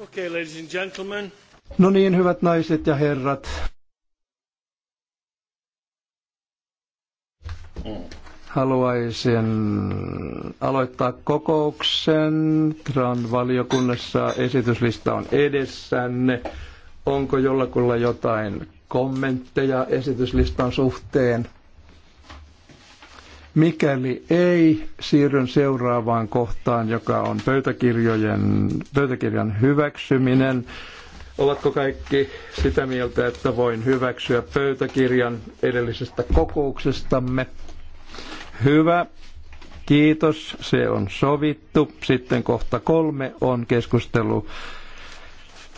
Okay, ladies and gentlemen. No niin, hyvät naiset ja herrat. Haluaisin aloittaa kokouksen. Tran valiokunnassa esityslista on edessänne. Onko jollakulla jotain kommentteja esityslistan suhteen? Mikäli ei, siirryn seuraavaan kohtaan, joka on pöytäkirjojen, pöytäkirjan hyväksyminen. Ovatko kaikki sitä mieltä, että voin hyväksyä pöytäkirjan edellisestä kokouksestamme? Hyvä. Kiitos, se on sovittu. Sitten kohta kolme on keskustelu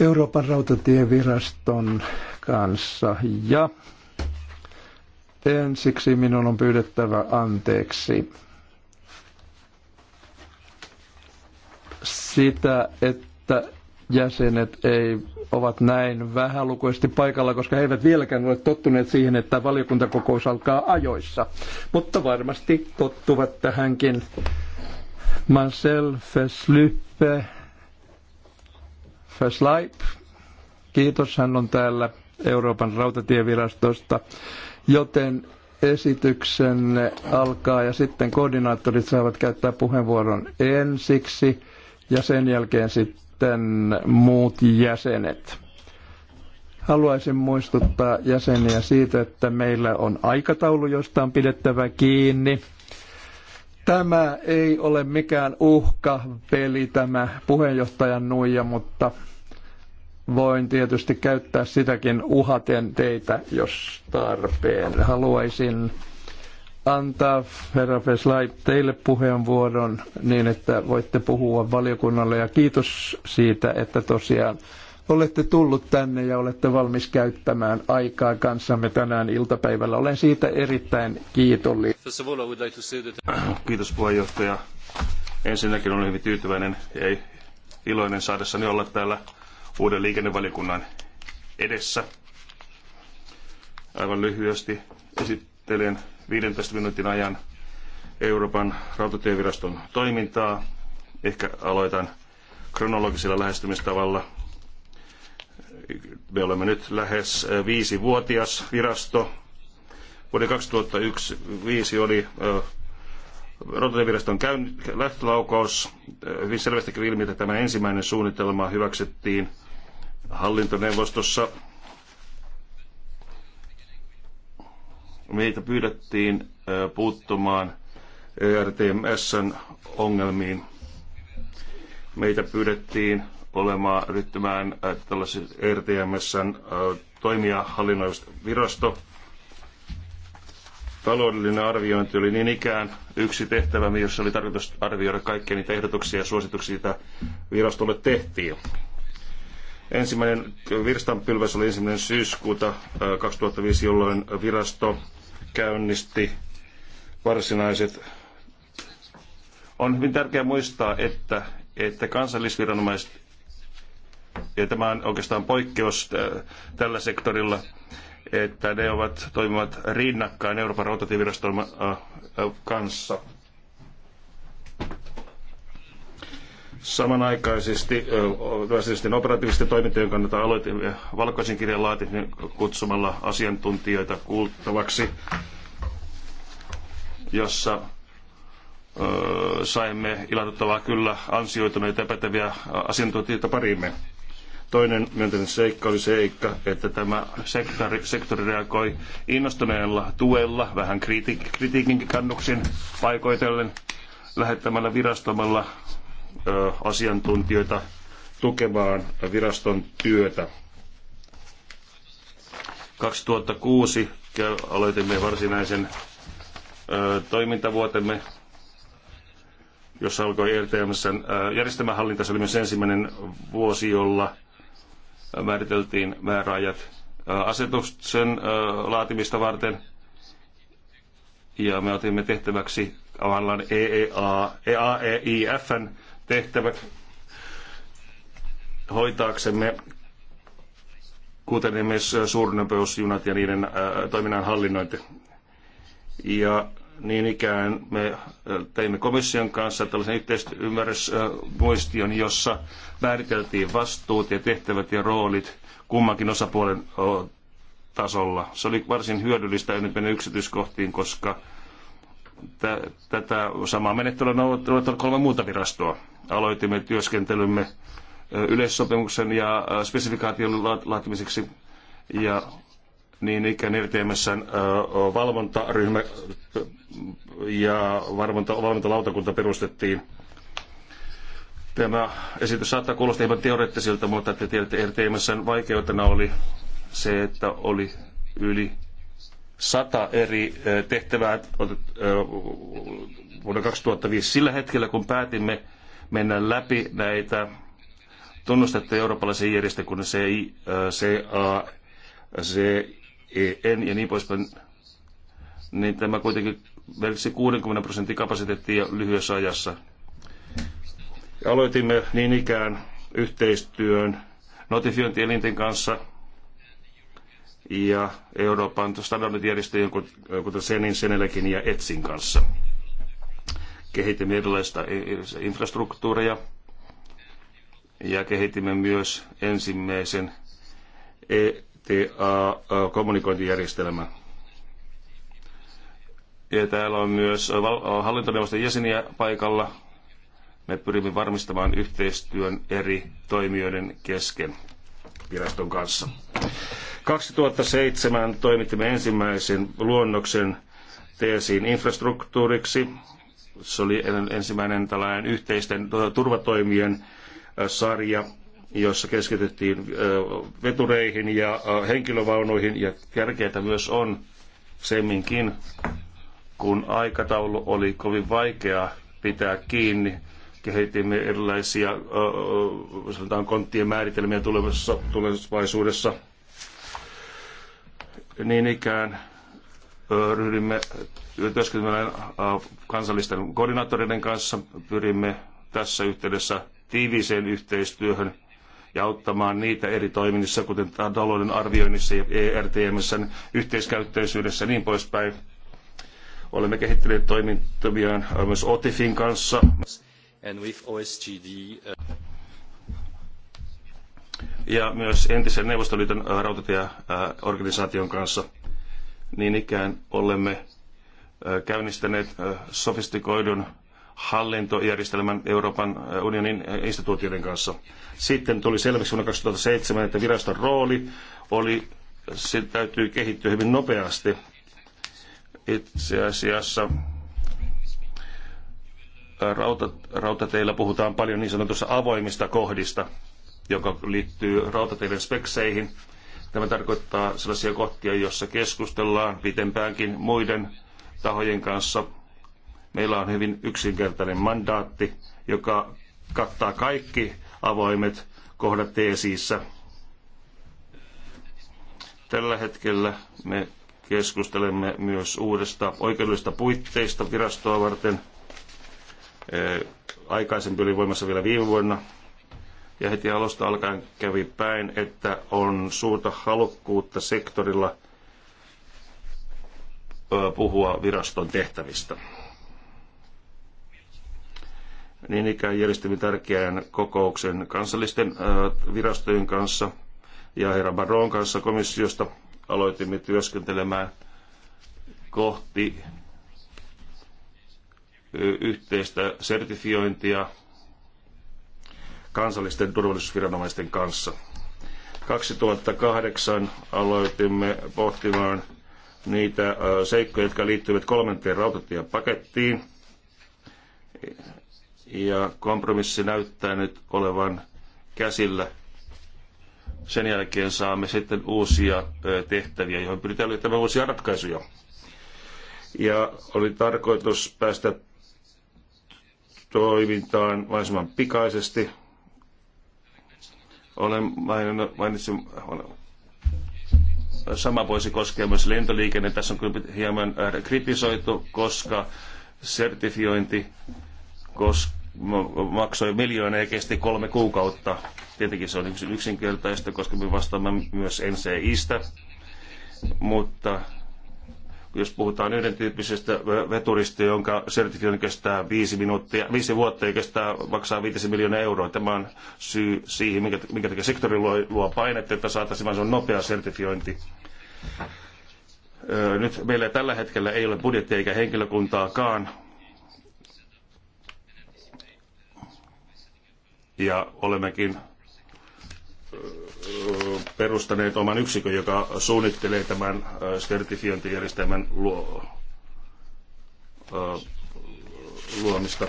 Euroopan rautatieviraston kanssa ja Ensiksi minun on pyydettävä anteeksi sitä, että jäsenet ei ovat näin vähälukuisesti paikalla, koska he eivät vieläkään ole tottuneet siihen, että valiokuntakokous alkaa ajoissa. Mutta varmasti tottuvat tähänkin. Marcel Feslyppe Feslaip. Kiitos, hän on täällä Euroopan rautatievirastosta joten esityksenne alkaa ja sitten koordinaattorit saavat käyttää puheenvuoron ensiksi ja sen jälkeen sitten muut jäsenet. Haluaisin muistuttaa jäseniä siitä, että meillä on aikataulu, josta on pidettävä kiinni. Tämä ei ole mikään uhkapeli, tämä puheenjohtajan nuija, mutta Voin tietysti käyttää sitäkin uhaten teitä, jos tarpeen. Haluaisin antaa, herra Feslai, teille puheenvuoron niin, että voitte puhua valiokunnalle. Ja kiitos siitä, että tosiaan olette tullut tänne ja olette valmis käyttämään aikaa kanssamme tänään iltapäivällä. Olen siitä erittäin kiitollinen. Kiitos puheenjohtaja. Ensinnäkin olen hyvin tyytyväinen ja iloinen saadessani olla täällä uuden liikennevaliokunnan edessä. Aivan lyhyesti esittelen 15 minuutin ajan Euroopan rautatieviraston toimintaa. Ehkä aloitan kronologisella lähestymistavalla. Me olemme nyt lähes viisivuotias virasto. Vuoden 2001 viisi oli Rautatieviraston lähtölaukaus. Hyvin selvästi ilmi, että tämä ensimmäinen suunnitelma hyväksyttiin hallintoneuvostossa meitä pyydettiin puuttumaan ERTMSn ongelmiin. Meitä pyydettiin olemaan ryhtymään tällaisen ERTMSn toimia virasto. Taloudellinen arviointi oli niin ikään yksi tehtävä, jossa oli tarkoitus arvioida kaikkia niitä ehdotuksia ja suosituksia, joita virastolle tehtiin. Ensimmäinen virstanpylväs oli ensimmäinen syyskuuta 2005, jolloin virasto käynnisti varsinaiset. On hyvin tärkeää muistaa, että, että kansallisviranomaiset, ja tämä on oikeastaan poikkeus tällä sektorilla, että ne ovat, toimivat rinnakkain Euroopan rautatieviraston kanssa. Samanaikaisesti rasististen operatiivisten toimintojen kannalta aloitimme valkoisen kirjan laatiminen niin kutsumalla asiantuntijoita kuultavaksi, jossa saimme ilahduttavaa kyllä ansioituneita ja päteviä asiantuntijoita pariimme. Toinen myönteinen seikka oli seikka, että tämä sektori, sektori reagoi innostuneella tuella, vähän kriti, kritiikinkin kannuksin paikoitellen, lähettämällä virastomalla asiantuntijoita tukemaan viraston työtä. 2006 aloitimme varsinaisen toimintavuotemme, jossa alkoi ERTMSn järjestelmähallinta. Se oli myös ensimmäinen vuosi, jolla määriteltiin määräajat asetuksen laatimista varten. Ja me otimme tehtäväksi tavallaan EAEIFn e tehtävä hoitaaksemme, kuten myös suurnopeusjunat ja niiden toiminnan hallinnointi. Ja niin ikään me teimme komission kanssa tällaisen yhteisymmärrysmuistion, jossa määriteltiin vastuut ja tehtävät ja roolit kummankin osapuolen tasolla. Se oli varsin hyödyllistä, ennen mennä yksityiskohtiin, koska tätä samaa menettelyä noudattavat kolme muuta virastoa. Aloitimme työskentelymme yleissopimuksen ja spesifikaation laatimiseksi ja niin ikään RTMSn valvontaryhmä ja valvonta, valvontalautakunta perustettiin. Tämä esitys saattaa kuulostaa hieman teoreettisilta, mutta te tiedätte, RTMSn vaikeutena oli se, että oli yli sata eri tehtävää vuonna 2005 sillä hetkellä, kun päätimme mennä läpi näitä tunnustettuja eurooppalaisia järjestökunnassa CI, CA, e CEN ja niin poispäin, niin tämä kuitenkin merkitsi 60 prosentin kapasiteettia lyhyessä ajassa. Aloitimme niin ikään yhteistyön notifiointielinten kanssa – ja Euroopan standardijärjestöjen, kuten Senin, Senelekin ja Etsin kanssa. Kehitimme erilaista infrastruktuuria ja kehitimme myös ensimmäisen ETA-kommunikointijärjestelmän. Ja täällä on myös hallintoneuvoston jäseniä paikalla. Me pyrimme varmistamaan yhteistyön eri toimijoiden kesken viraston kanssa. 2007 toimitimme ensimmäisen luonnoksen teesiin infrastruktuuriksi. Se oli ensimmäinen tällainen yhteisten turvatoimien sarja, jossa keskityttiin vetureihin ja henkilövaunuihin. Ja tärkeää myös on semminkin, kun aikataulu oli kovin vaikea pitää kiinni, kehitimme erilaisia sanotaan konttien määritelmiä tulevaisuudessa niin ikään ryhdymme työskentelemään kansallisten koordinaattoreiden kanssa. Pyrimme tässä yhteydessä tiiviiseen yhteistyöhön ja auttamaan niitä eri toiminnissa, kuten talouden arvioinnissa ja ERTMS yhteiskäyttöisyydessä ja niin poispäin. Olemme kehittäneet toimintamiaan myös OTIFin kanssa. And with OSGD, uh ja myös entisen Neuvostoliiton äh, rautatieorganisaation kanssa. Niin ikään olemme äh, käynnistäneet äh, sofistikoidun hallintojärjestelmän Euroopan unionin instituutioiden kanssa. Sitten tuli selväksi vuonna 2007, että viraston rooli oli, se täytyy kehittyä hyvin nopeasti. Itse asiassa rautateillä puhutaan paljon niin sanotussa avoimista kohdista – joka liittyy rautateiden spekseihin. Tämä tarkoittaa sellaisia kohtia, joissa keskustellaan pitempäänkin muiden tahojen kanssa. Meillä on hyvin yksinkertainen mandaatti, joka kattaa kaikki avoimet kohdat teesiissä. Tällä hetkellä me keskustelemme myös uudesta oikeudellisesta puitteista virastoa varten. Aikaisempi oli voimassa vielä viime vuonna ja heti alusta alkaen kävi päin, että on suurta halukkuutta sektorilla puhua viraston tehtävistä. Niin ikään järjestimme tärkeän kokouksen kansallisten virastojen kanssa ja herra Baron kanssa komissiosta aloitimme työskentelemään kohti yhteistä sertifiointia kansallisten turvallisuusviranomaisten kanssa. 2008 aloitimme pohtimaan niitä seikkoja, jotka liittyvät kolmanteen rautatiepakettiin. Ja kompromissi näyttää nyt olevan käsillä. Sen jälkeen saamme sitten uusia tehtäviä, joihin pyritään löytämään uusia ratkaisuja. Ja oli tarkoitus päästä toimintaan mahdollisimman pikaisesti olen maininnut, mainitsin, sama voisi koskea myös lentoliikenne. Tässä on kyllä hieman äh, kritisoitu, koska sertifiointi kos, maksoi miljoonaa ja kesti kolme kuukautta. Tietenkin se on yksinkertaista, koska me vastaamme myös NCIstä, mutta jos puhutaan yhden tyyppisestä veturista, jonka sertifiointi kestää viisi, minuuttia, viisi vuotta ja kestää, maksaa 5 miljoonaa euroa. Tämä on syy siihen, minkä, minkä takia sektori luo, luo painetta, että saataisiin se on nopea sertifiointi. Nyt meillä tällä hetkellä ei ole budjettia eikä henkilökuntaakaan. Ja olemmekin perustaneet oman yksikön, joka suunnittelee tämän äh, sertifiointijärjestelmän luo, äh, luomista.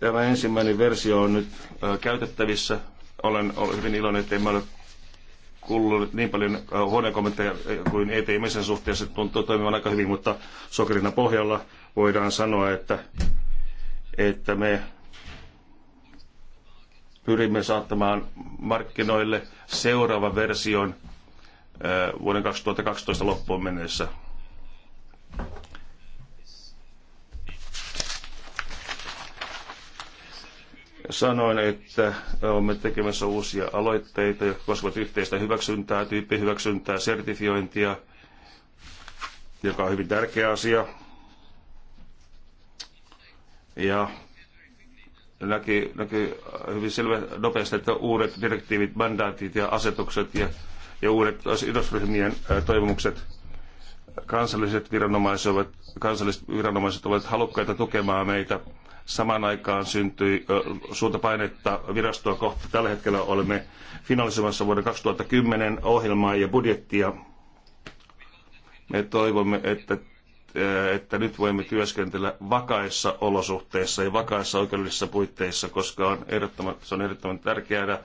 Tämä ensimmäinen versio on nyt äh, käytettävissä. Olen hyvin iloinen, että en ole kuullut niin paljon huonekommentteja kuin ETMSn suhteessa. Tuntuu toimivan aika hyvin, mutta sokerina pohjalla voidaan sanoa, että, että me pyrimme saattamaan markkinoille seuraavan version vuoden 2012 loppuun mennessä. Sanoin, että olemme tekemässä uusia aloitteita, jotka koskevat yhteistä hyväksyntää, tyyppihyväksyntää, sertifiointia, joka on hyvin tärkeä asia. Ja näki, näki hyvin selvä, nopeasti, että uudet direktiivit, mandaatit ja asetukset ja, ja uudet sidosryhmien toivomukset kansalliset viranomaiset, ovat, kansalliset viranomaiset ovat halukkaita tukemaan meitä. Samaan aikaan syntyi suurta painetta virastoa kohti. Tällä hetkellä olemme finalisoimassa vuoden 2010 ohjelmaa ja budjettia. Me toivomme, että Eh, että nyt voimme työskentellä vakaissa olosuhteissa ja vakaissa oikeudellisissa puitteissa, koska on se on erittäin tärkeää,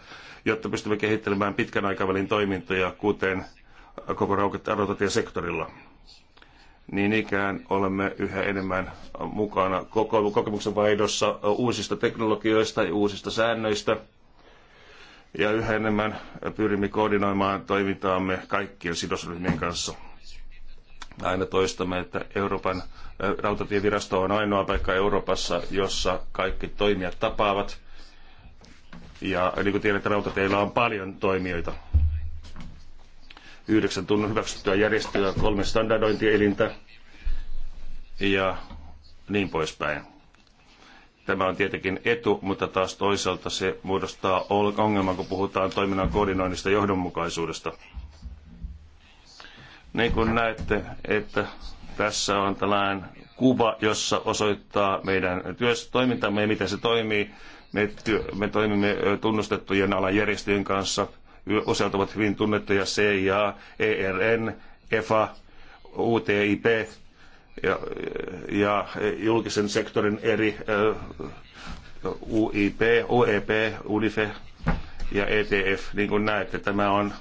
jotta pystymme kehittelemään pitkän aikavälin toimintoja, kuten koko rautatiesektorilla. Niin ikään olemme yhä enemmän mukana koko kokemuksen vaihdossa uusista teknologioista ja uusista säännöistä. Ja yhä enemmän pyrimme koordinoimaan toimintaamme kaikkien sidosryhmien kanssa Aina toistamme, että Euroopan rautatievirasto on ainoa paikka Euroopassa, jossa kaikki toimijat tapaavat. Ja niin kuin tiedätte, rautateillä on paljon toimijoita. Yhdeksän tunnin hyväksyttyä järjestöä, kolme standardointielintä ja niin poispäin. Tämä on tietenkin etu, mutta taas toisaalta se muodostaa ongelman, kun puhutaan toiminnan koordinoinnista ja johdonmukaisuudesta. Niin kuin näette, että tässä on tällainen kuva, jossa osoittaa meidän työssä toimintamme ja miten se toimii. Me, työ, me toimimme tunnustettujen alan järjestöjen kanssa. Useat ovat hyvin tunnettuja CIA, ERN, EFA, UTIP ja, ja julkisen sektorin eri UIP, OEP, UNIFE ja ETF. Niin kuin näette, tämä on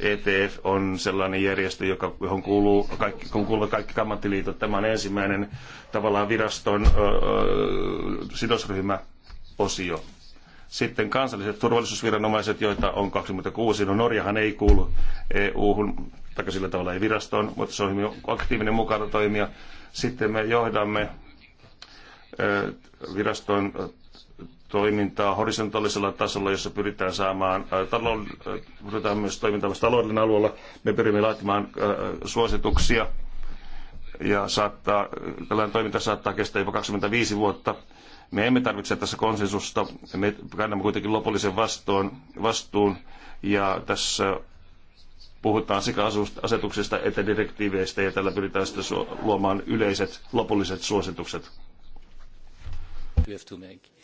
ETF on sellainen järjestö, joka, johon kuuluu kaikki, kun kuuluu kaikki ammattiliitot. Tämä on ensimmäinen tavallaan viraston sidosryhmäosio. Sitten kansalliset turvallisuusviranomaiset, joita on 26. No Norjahan ei kuulu EU-hun, tai sillä tavalla ei virastoon, mutta se on hyvin aktiivinen mukana toimija. Sitten me johdamme viraston toimintaa horisontaalisella tasolla, jossa pyritään saamaan, äh, talon, äh, pyritään myös toimintaa myös taloudellinen alueella. Me pyrimme laatimaan äh, suosituksia ja saattaa, tällainen toiminta saattaa kestää jopa 25 vuotta. Me emme tarvitse tässä konsensusta, me kannamme kuitenkin lopullisen vastuun, vastuun ja tässä puhutaan sekä asetuksista että direktiiveistä ja tällä pyritään sitten luomaan yleiset lopulliset suositukset. You have to make.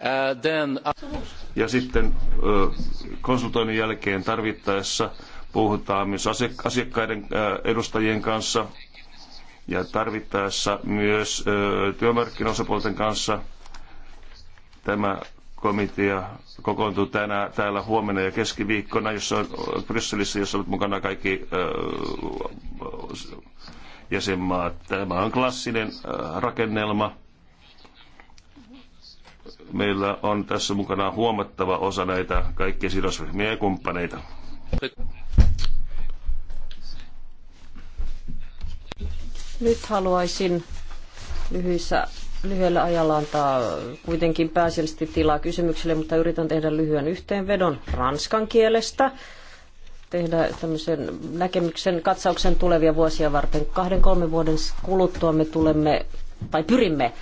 Uh, uh, ja sitten konsultoinnin jälkeen tarvittaessa puhutaan myös asiakkaiden edustajien kanssa ja tarvittaessa myös työmarkkinaosapuolten kanssa. Tämä komitea kokoontuu tänään, täällä huomenna ja keskiviikkona, jossa on Brysselissä, jossa ovat mukana kaikki jäsenmaat. Tämä on klassinen rakennelma meillä on tässä mukana huomattava osa näitä kaikkia sidosryhmiä ja kumppaneita. Nyt haluaisin lyhyissä, lyhyellä ajalla antaa kuitenkin pääasiallisesti tilaa kysymyksille, mutta yritän tehdä lyhyen yhteenvedon ranskan kielestä tehdä tämmöisen näkemyksen katsauksen tulevia vuosia varten. Kahden, kolmen vuoden kuluttua me tulemme tai pyrimme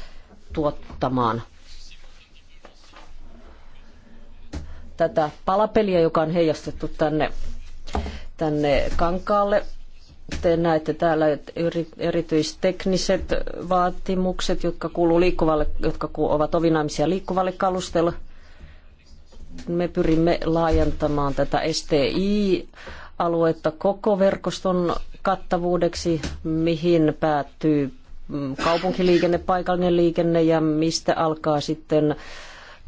tuottamaan tätä palapeliä, joka on heijastettu tänne, tänne kankaalle. Te näette täällä erityistekniset vaatimukset, jotka, kuuluu liikkuvalle, jotka ovat ovinaimisia liikkuvalle kalustella, Me pyrimme laajentamaan tätä STI aluetta koko verkoston kattavuudeksi, mihin päättyy mm, kaupunkiliikenne, paikallinen liikenne ja mistä alkaa sitten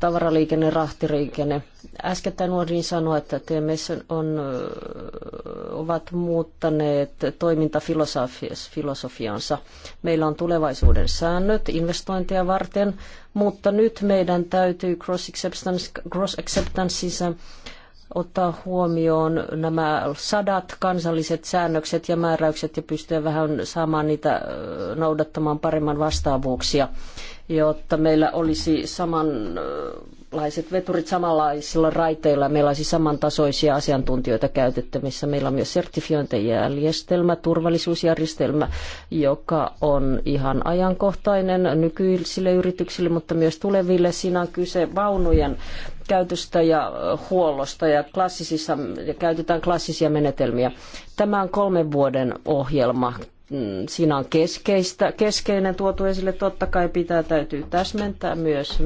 tavaraliikenne, rahtiliikenne. Äskettäin uudin sanoa, että TMS on, ovat muuttaneet toimintafilosofiansa. Meillä on tulevaisuuden säännöt investointeja varten, mutta nyt meidän täytyy cross acceptance, cross acceptanceissa ottaa huomioon nämä sadat kansalliset säännökset ja määräykset ja pystyä vähän saamaan niitä noudattamaan paremman vastaavuuksia jotta meillä olisi samanlaiset veturit samanlaisilla raiteilla. Meillä olisi samantasoisia asiantuntijoita käytettävissä. Meillä on myös sertifiointijärjestelmä, turvallisuusjärjestelmä, joka on ihan ajankohtainen nykyisille yrityksille, mutta myös tuleville. Siinä on kyse vaunujen käytöstä ja huollosta ja klassisissa, käytetään klassisia menetelmiä. Tämä on kolmen vuoden ohjelma. Mm, siinä on keskeistä, keskeinen tuotu esille. Totta kai pitää täytyy täsmentää myös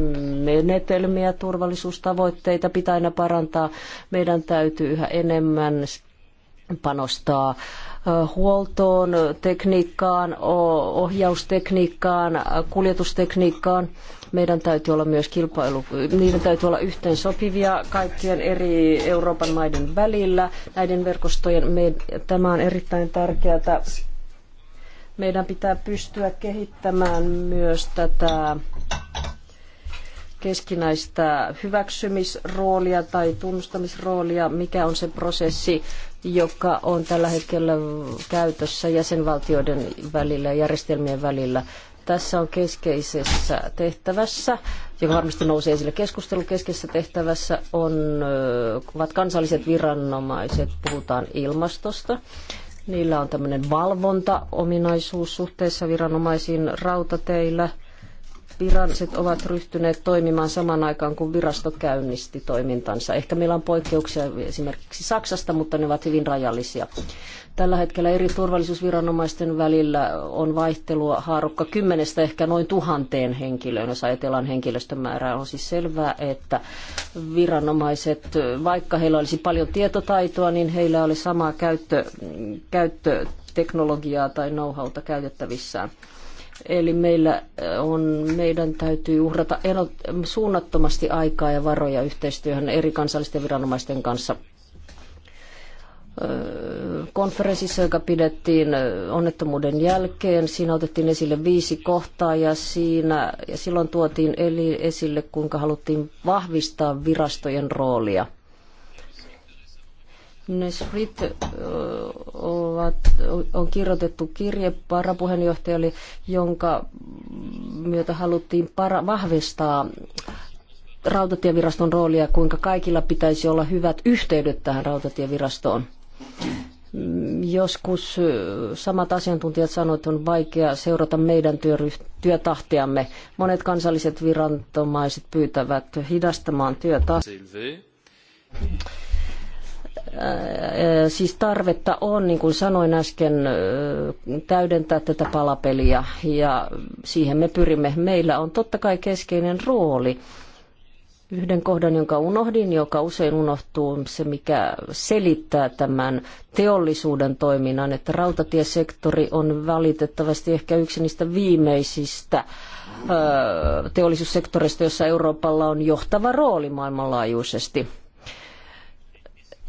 menetelmiä, turvallisuustavoitteita pitää aina parantaa. Meidän täytyy yhä enemmän panostaa huoltoon, tekniikkaan, ohjaustekniikkaan, kuljetustekniikkaan. Meidän täytyy olla myös kilpailu, niiden täytyy olla yhteen sopivia kaikkien eri Euroopan maiden välillä. Näiden verkostojen, me, tämä on erittäin tärkeää. Meidän pitää pystyä kehittämään myös tätä keskinäistä hyväksymisroolia tai tunnustamisroolia, mikä on se prosessi, joka on tällä hetkellä käytössä jäsenvaltioiden välillä ja järjestelmien välillä. Tässä on keskeisessä tehtävässä, joka varmasti nousee esille keskustelun keskeisessä tehtävässä, on, ovat kansalliset viranomaiset, puhutaan ilmastosta. Niillä on tämmöinen valvontaominaisuus suhteessa viranomaisiin rautateillä – viralliset ovat ryhtyneet toimimaan saman aikaan, kun virasto käynnisti toimintansa. Ehkä meillä on poikkeuksia esimerkiksi Saksasta, mutta ne ovat hyvin rajallisia. Tällä hetkellä eri turvallisuusviranomaisten välillä on vaihtelua haarukka kymmenestä ehkä noin tuhanteen henkilöön, jos ajatellaan henkilöstön määrää. On siis selvää, että viranomaiset, vaikka heillä olisi paljon tietotaitoa, niin heillä oli samaa käyttö, käyttöteknologiaa tai know-howta käytettävissään. Eli meillä äh, on, meidän täytyy uhrata erot, suunnattomasti aikaa ja varoja yhteistyöhön eri kansallisten viranomaisten kanssa. Äh, konferenssissa, joka pidettiin äh, onnettomuuden jälkeen, siinä otettiin esille viisi kohtaa ja, siinä, ja silloin tuotiin eli esille, kuinka haluttiin vahvistaa virastojen roolia – Nesfrit ovat, on kirjoitettu kirje varapuheenjohtajalle, jonka myötä haluttiin para, vahvistaa rautatieviraston roolia, kuinka kaikilla pitäisi olla hyvät yhteydet tähän rautatievirastoon. Joskus samat asiantuntijat sanoivat, että on vaikea seurata meidän työtahtiamme. Monet kansalliset viranomaiset pyytävät hidastamaan työtahtia siis tarvetta on, niin kuin sanoin äsken, täydentää tätä palapeliä ja siihen me pyrimme. Meillä on totta kai keskeinen rooli. Yhden kohdan, jonka unohdin, joka usein unohtuu, se mikä selittää tämän teollisuuden toiminnan, että rautatiesektori on valitettavasti ehkä yksi niistä viimeisistä teollisuussektoreista, jossa Euroopalla on johtava rooli maailmanlaajuisesti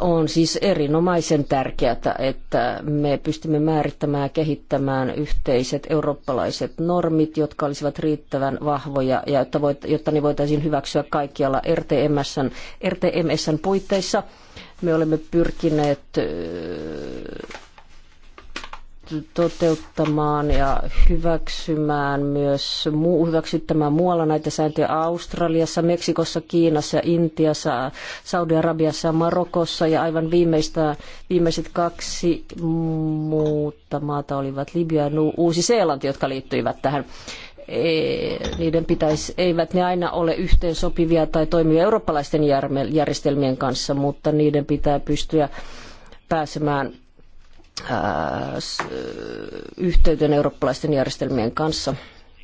on siis erinomaisen tärkeää, että me pystymme määrittämään ja kehittämään yhteiset eurooppalaiset normit, jotka olisivat riittävän vahvoja, ja jotta, voit, jotta ne voitaisiin hyväksyä kaikkialla RTMSn, RTMSn puitteissa. Me olemme pyrkineet toteuttamaan ja hyväksymään myös hyväksyttämään muualla näitä sääntöjä Australiassa, Meksikossa, Kiinassa, Intiassa, Saudi-Arabiassa ja Marokossa ja aivan viimeistä, viimeiset kaksi muuta maata olivat Libya ja Uusi-Seelanti, jotka liittyivät tähän e, niiden pitäisi, eivät ne aina ole yhteensopivia tai toimivia eurooppalaisten järjestelmien kanssa, mutta niiden pitää pystyä pääsemään yhteyden eurooppalaisten järjestelmien kanssa.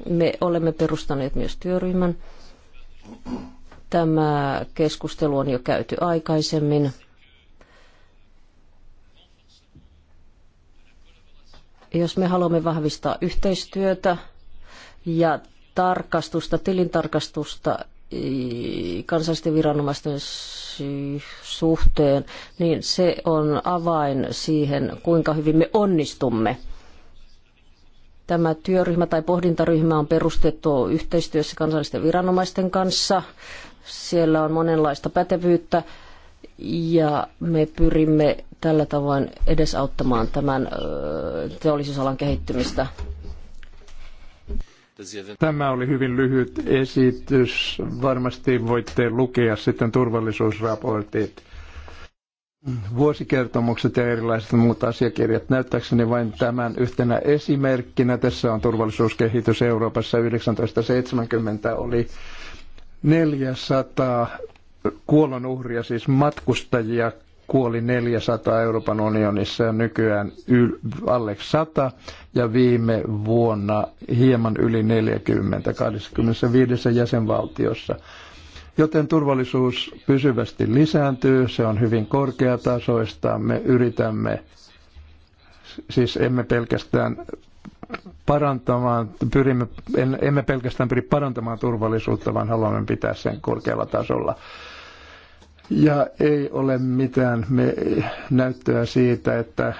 Me olemme perustaneet myös työryhmän. Tämä keskustelu on jo käyty aikaisemmin. Jos me haluamme vahvistaa yhteistyötä ja tarkastusta, tilintarkastusta kansallisten viranomaisten suhteen, niin se on avain siihen, kuinka hyvin me onnistumme. Tämä työryhmä tai pohdintaryhmä on perustettu yhteistyössä kansallisten viranomaisten kanssa. Siellä on monenlaista pätevyyttä ja me pyrimme tällä tavoin edesauttamaan tämän teollisuusalan kehittymistä. Tämä oli hyvin lyhyt esitys. Varmasti voitte lukea sitten turvallisuusraportit, vuosikertomukset ja erilaiset muut asiakirjat. Näyttääkseni vain tämän yhtenä esimerkkinä. Tässä on turvallisuuskehitys Euroopassa. 1970 oli 400 kuolonuhria, siis matkustajia kuoli 400 Euroopan unionissa ja nykyään yl- alle 100 ja viime vuonna hieman yli 40 25 jäsenvaltiossa. Joten turvallisuus pysyvästi lisääntyy, se on hyvin korkeatasoista, me yritämme, siis emme pelkästään parantamaan, pyrimme, emme pelkästään pyri parantamaan turvallisuutta, vaan haluamme pitää sen korkealla tasolla ja ei ole mitään me, näyttöä siitä, että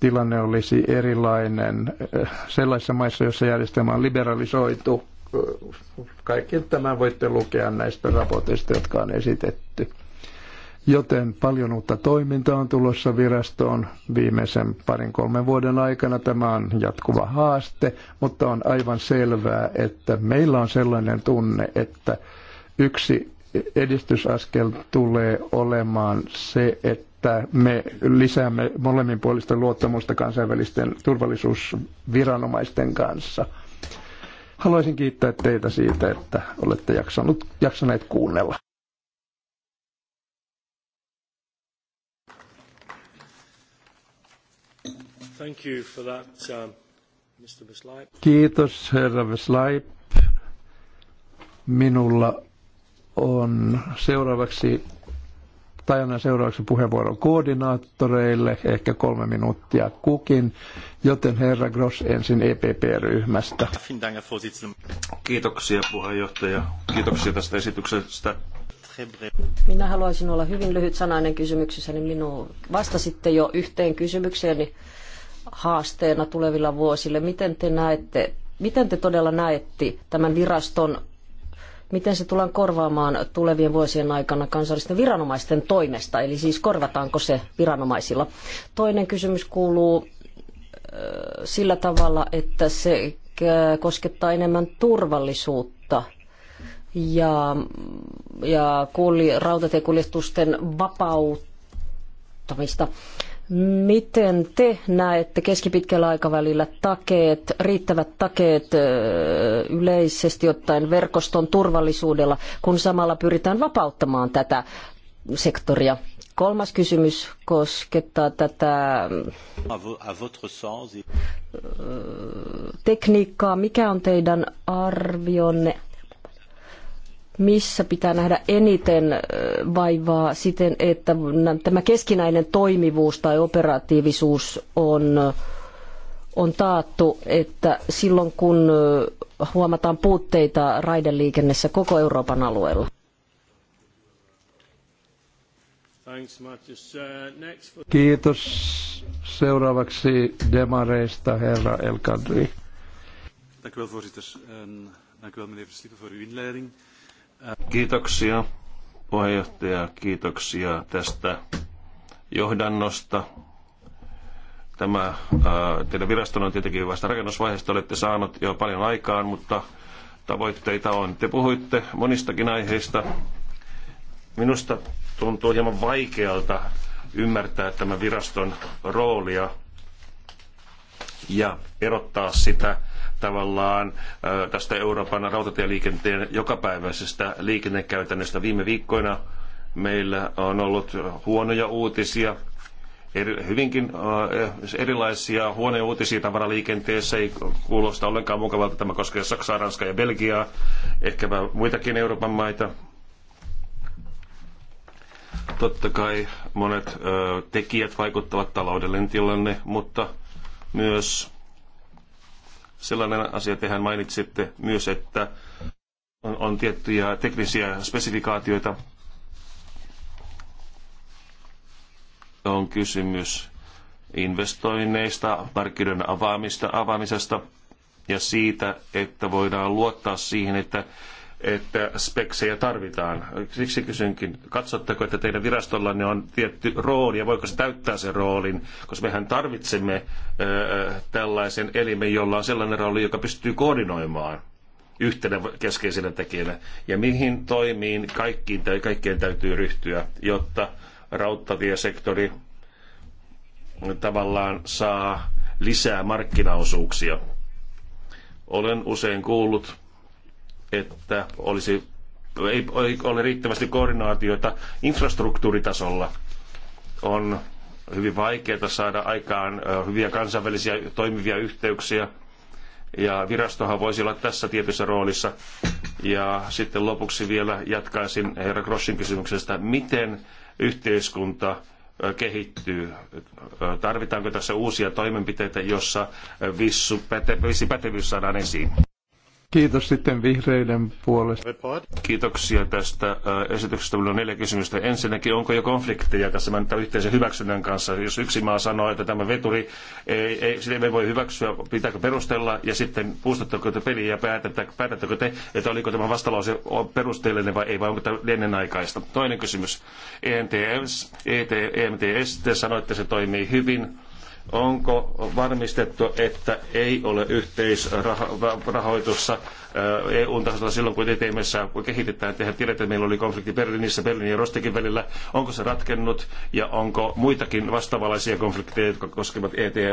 tilanne olisi erilainen eh, sellaisissa maissa, joissa järjestelmä on liberalisoitu. Eh, kaikki tämän voitte lukea näistä raporteista, jotka on esitetty. Joten paljon uutta toimintaa on tulossa virastoon viimeisen parin kolmen vuoden aikana. Tämä on jatkuva haaste, mutta on aivan selvää, että meillä on sellainen tunne, että yksi edistysaskel tulee olemaan se, että me lisäämme molemminpuolista luottamusta kansainvälisten turvallisuusviranomaisten kanssa. Haluaisin kiittää teitä siitä, että olette jaksanut, jaksaneet kuunnella. Thank you for that, um, Mr. Kiitos, herra Veslaip. Minulla on seuraavaksi, tai annan seuraavaksi puheenvuoron koordinaattoreille, ehkä kolme minuuttia kukin, joten herra Gross ensin EPP-ryhmästä. Kiitoksia puheenjohtaja, kiitoksia tästä esityksestä. Minä haluaisin olla hyvin lyhyt sanainen kysymyksessäni. Niin minun vastasitte jo yhteen kysymykseeni haasteena tulevilla vuosille. Miten te näette, miten te todella näette tämän viraston miten se tullaan korvaamaan tulevien vuosien aikana kansallisten viranomaisten toimesta, eli siis korvataanko se viranomaisilla. Toinen kysymys kuuluu sillä tavalla, että se koskettaa enemmän turvallisuutta ja, ja kulje, rautatiekuljetusten vapauttamista. Miten te näette keskipitkällä aikavälillä takeet, riittävät takeet yleisesti ottaen verkoston turvallisuudella, kun samalla pyritään vapauttamaan tätä sektoria? Kolmas kysymys koskettaa tätä tekniikkaa. Mikä on teidän arvionne missä pitää nähdä eniten vaivaa siten, että tämä keskinäinen toimivuus tai operatiivisuus on, on taattu, että silloin kun huomataan puutteita raideliikennessä koko Euroopan alueella. Uh, Kiitos. Seuraavaksi demareista herra El Kadri. Dank u wel, voorzitter. En dank u wel, meneer Versliepen, voor uw inleiding. Kiitoksia puheenjohtaja, kiitoksia tästä johdannosta. Tämä äh, teidän viraston on tietenkin vasta rakennusvaiheesta, olette saanut jo paljon aikaan, mutta tavoitteita on. Te puhuitte monistakin aiheista. Minusta tuntuu hieman vaikealta ymmärtää tämän viraston roolia ja erottaa sitä tavallaan tästä Euroopan rautatieliikenteen jokapäiväisestä liikennekäytännöstä. Viime viikkoina meillä on ollut huonoja uutisia, eri, hyvinkin erilaisia huonoja uutisia tavaraliikenteessä. Ei kuulosta ollenkaan mukavalta. Tämä koskee Saksaa, Ranskaa ja Belgiaa, ehkäpä muitakin Euroopan maita. Totta kai monet tekijät vaikuttavat taloudellinen tilanne, mutta myös sellainen asia, hän mainitsitte myös, että on, on tiettyjä teknisiä spesifikaatioita. On kysymys investoinneista, markkinoiden avaamista, avaamisesta ja siitä, että voidaan luottaa siihen, että että speksejä tarvitaan. Siksi kysynkin, katsotteko, että teidän virastollanne on tietty rooli ja voiko se täyttää sen roolin, koska mehän tarvitsemme ö, tällaisen elimen, jolla on sellainen rooli, joka pystyy koordinoimaan yhtenä keskeisenä tekijänä. Ja mihin toimiin kaikkiin, tai kaikkien täytyy ryhtyä, jotta rautatiesektori tavallaan saa lisää markkinaosuuksia. Olen usein kuullut että olisi, ei ole riittävästi koordinaatiota infrastruktuuritasolla. On hyvin vaikeaa saada aikaan hyviä kansainvälisiä toimivia yhteyksiä. Ja virastohan voisi olla tässä tietyssä roolissa. Ja sitten lopuksi vielä jatkaisin herra Grossin kysymyksestä, miten yhteiskunta kehittyy. Tarvitaanko tässä uusia toimenpiteitä, jossa vissi pätevyys saadaan esiin? Kiitos sitten vihreiden puolesta. Kiitoksia tästä äh, esityksestä. Minulla on neljä kysymystä. Ensinnäkin, onko jo konflikteja tässä yhteisen hyväksynnän kanssa? Jos yksi maa sanoo, että tämä veturi, ei, ei, sitä ei voi hyväksyä, pitääkö perustella? Ja sitten puustatteko te peliä ja päätättekö te, että oliko tämä vastalause perusteellinen vai ei, vai onko tämä ennenaikaista? Toinen kysymys. EMTS, EMTS, e te sanoitte, että se toimii hyvin Onko varmistettu, että ei ole yhteisrahoitussa äh, EU-tasolla silloin, kun ETMssä kehitetään, tehdään tiedetään, että meillä oli konflikti Berliinissä, Berliinin ja Rostekin välillä. Onko se ratkennut ja onko muitakin vastaavanlaisia konflikteja, jotka koskevat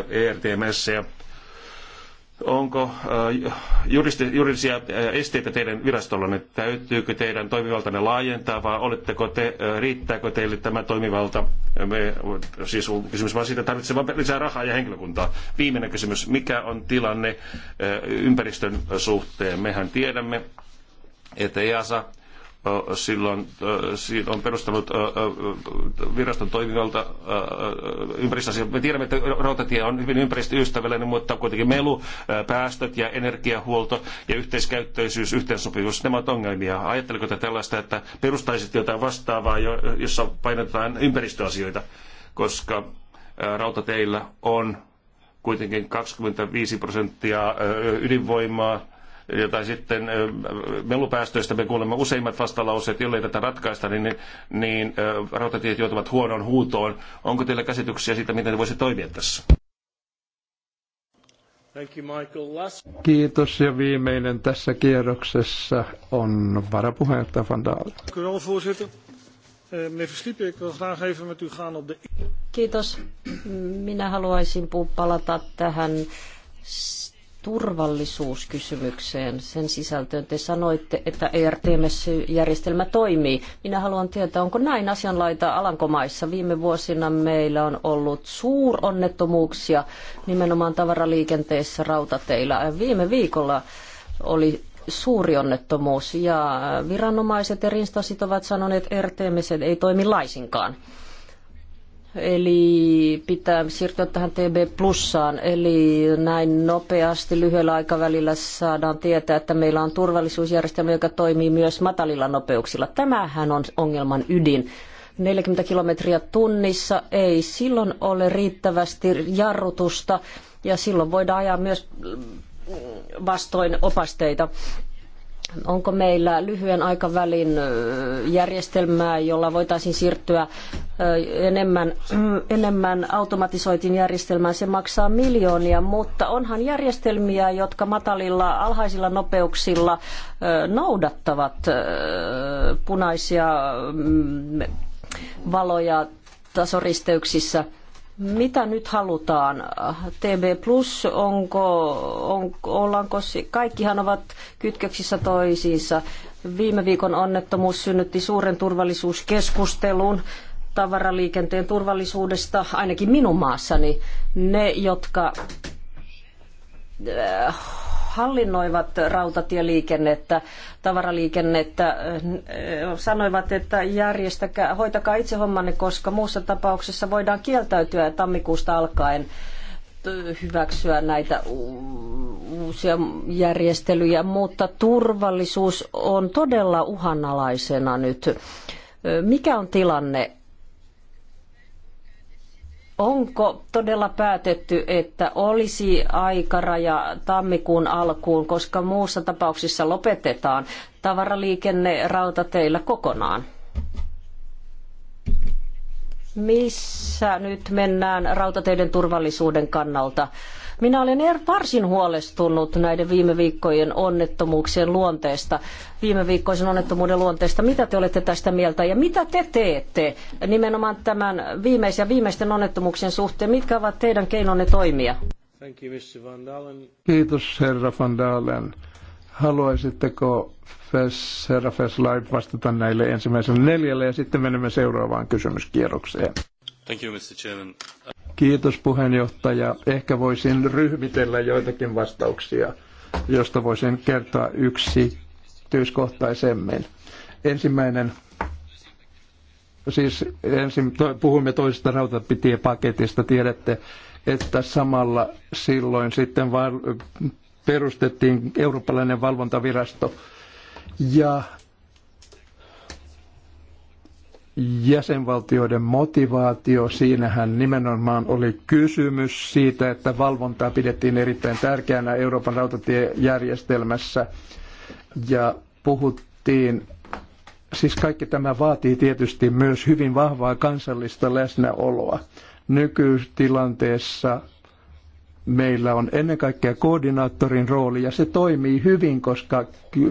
ERTMS? Onko äh, juridisia äh, esteitä teidän virastollanne? Täyttyykö teidän toimivaltanne laajentaa vai oletteko te, äh, riittääkö teille tämä toimivalta? Me, siis on kysymys vaan siitä, tarvitsemme lisää rahaa ja henkilökuntaa. Viimeinen kysymys, mikä on tilanne ympäristön suhteen? Mehän tiedämme, että EASA silloin on perustanut viraston toimivalta ympäristöasia. Me tiedämme, että rautatie on hyvin ympäristöystävällinen, mutta kuitenkin melu, päästöt ja energiahuolto ja yhteiskäyttöisyys, yhteensopivuus, nämä ovat ongelmia. Ajatteliko te tällaista, että perustaisitte jotain vastaavaa, jossa painotetaan ympäristöasioita, koska rautateillä on kuitenkin 25 prosenttia ydinvoimaa, tai sitten melupäästöistä me kuulemme useimmat vastalauseet, jollei tätä ratkaista, niin, niin rautatiet joutuvat huonoon huutoon. Onko teillä käsityksiä siitä, miten voisi toimia tässä? Kiitos ja viimeinen tässä kierroksessa on varapuheenjohtaja Van Daal. Eh, Kiitos. Minä haluaisin palata tähän turvallisuuskysymykseen, sen sisältöön. Te sanoitte, että ERTMS-järjestelmä toimii. Minä haluan tietää, onko näin asianlaita Alankomaissa. Viime vuosina meillä on ollut suuronnettomuuksia nimenomaan tavaraliikenteessä rautateillä. Viime viikolla oli suuri onnettomuus ja viranomaiset ja rinstasit ovat sanoneet, että ERTMS ei toimi laisinkaan. Eli pitää siirtyä tähän TB plussaan, eli näin nopeasti lyhyellä aikavälillä saadaan tietää, että meillä on turvallisuusjärjestelmä, joka toimii myös matalilla nopeuksilla. Tämähän on ongelman ydin. 40 kilometriä tunnissa ei silloin ole riittävästi jarrutusta ja silloin voidaan ajaa myös vastoin opasteita. Onko meillä lyhyen aikavälin järjestelmää, jolla voitaisiin siirtyä enemmän, enemmän automatisoitin järjestelmään? Se maksaa miljoonia, mutta onhan järjestelmiä, jotka matalilla, alhaisilla nopeuksilla noudattavat punaisia mm, valoja tasoristeyksissä – mitä nyt halutaan? TB Plus, onko, on, ollaanko, kaikkihan ovat kytköksissä toisiinsa. Viime viikon onnettomuus synnytti suuren turvallisuuskeskustelun tavaraliikenteen turvallisuudesta, ainakin minun maassani. Ne, jotka äh, hallinnoivat rautatieliikennettä, tavaraliikennettä, äh, sanoivat, että järjestäkää, hoitakaa itse hommanne, koska muussa tapauksessa voidaan kieltäytyä tammikuusta alkaen äh, hyväksyä näitä uusia järjestelyjä, mutta turvallisuus on todella uhanalaisena nyt. Äh, mikä on tilanne? Onko todella päätetty, että olisi aikaraja tammikuun alkuun, koska muussa tapauksessa lopetetaan tavaraliikenne rautateillä kokonaan? Missä nyt mennään rautateiden turvallisuuden kannalta? Minä olen er- varsin huolestunut näiden viime viikkojen onnettomuuksien luonteesta, viime viikkoisen onnettomuuden luonteesta. Mitä te olette tästä mieltä ja mitä te teette nimenomaan tämän viimeisen ja viimeisten onnettomuuksien suhteen? Mitkä ovat teidän keinonne toimia? Kiitos herra Van Dalen. Haluaisitteko Fes, herra Feslaid vastata näille ensimmäiselle neljälle ja sitten menemme seuraavaan kysymyskierrokseen. Thank you, Mr. Chairman. Kiitos puheenjohtaja. Ehkä voisin ryhmitellä joitakin vastauksia, josta voisin kertoa yksi tyyskohtaisemmin. Ensimmäinen, siis ensin puhumme toisesta rautapitiepaketista. Tiedätte, että samalla silloin sitten perustettiin eurooppalainen valvontavirasto. Ja jäsenvaltioiden motivaatio. Siinähän nimenomaan oli kysymys siitä, että valvontaa pidettiin erittäin tärkeänä Euroopan rautatiejärjestelmässä. Ja puhuttiin, siis kaikki tämä vaatii tietysti myös hyvin vahvaa kansallista läsnäoloa. Nykytilanteessa meillä on ennen kaikkea koordinaattorin rooli ja se toimii hyvin, koska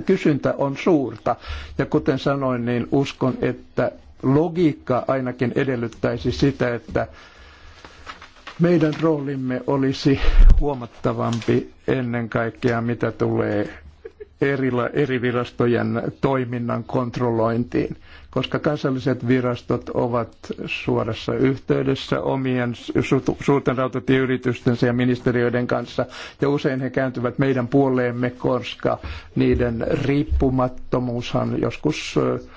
kysyntä on suurta. Ja kuten sanoin, niin uskon, että logiikka ainakin edellyttäisi sitä, että meidän roolimme olisi huomattavampi ennen kaikkea, mitä tulee eri virastojen toiminnan kontrollointiin, koska kansalliset virastot ovat suorassa yhteydessä omien suurten rautatieyritystensä ja ministeriöiden kanssa, ja usein he kääntyvät meidän puoleemme, koska niiden riippumattomuushan joskus äh,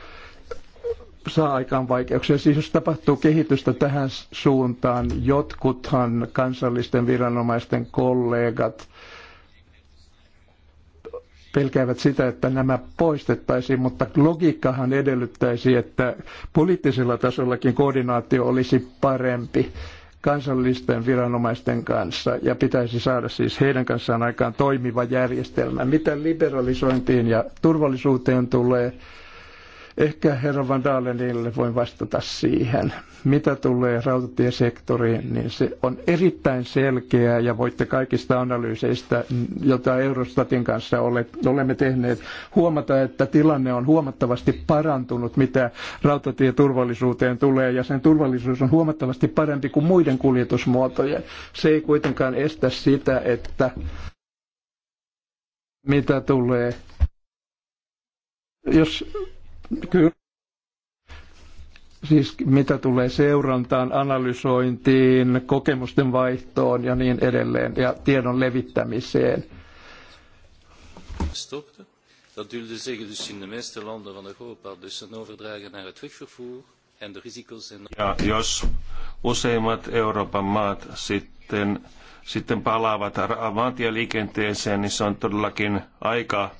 saa aikaan vaikeuksia. Siis jos tapahtuu kehitystä tähän suuntaan, jotkuthan kansallisten viranomaisten kollegat pelkäävät sitä, että nämä poistettaisiin, mutta logiikkahan edellyttäisi, että poliittisella tasollakin koordinaatio olisi parempi kansallisten viranomaisten kanssa ja pitäisi saada siis heidän kanssaan aikaan toimiva järjestelmä. Mitä liberalisointiin ja turvallisuuteen tulee, Ehkä herra Van Dalenille voin vastata siihen. Mitä tulee rautatiesektoriin, niin se on erittäin selkeää ja voitte kaikista analyyseistä, jota Eurostatin kanssa olemme tehneet, huomata, että tilanne on huomattavasti parantunut, mitä rautatieturvallisuuteen tulee ja sen turvallisuus on huomattavasti parempi kuin muiden kuljetusmuotojen. Se ei kuitenkaan estä sitä, että mitä tulee jos Kyllä. Siis mitä tulee seurantaan, analysointiin, kokemusten vaihtoon ja niin edelleen, ja tiedon levittämiseen. Stopte. Dat wilde zeggen dus in de meeste landen van Europa, dus een overdragen naar het wegvervoer en de risico's. En... Ja, jos useimmat Euroopan maat sitten, sitten palaavat maantieliikenteeseen, niin se on todellakin aika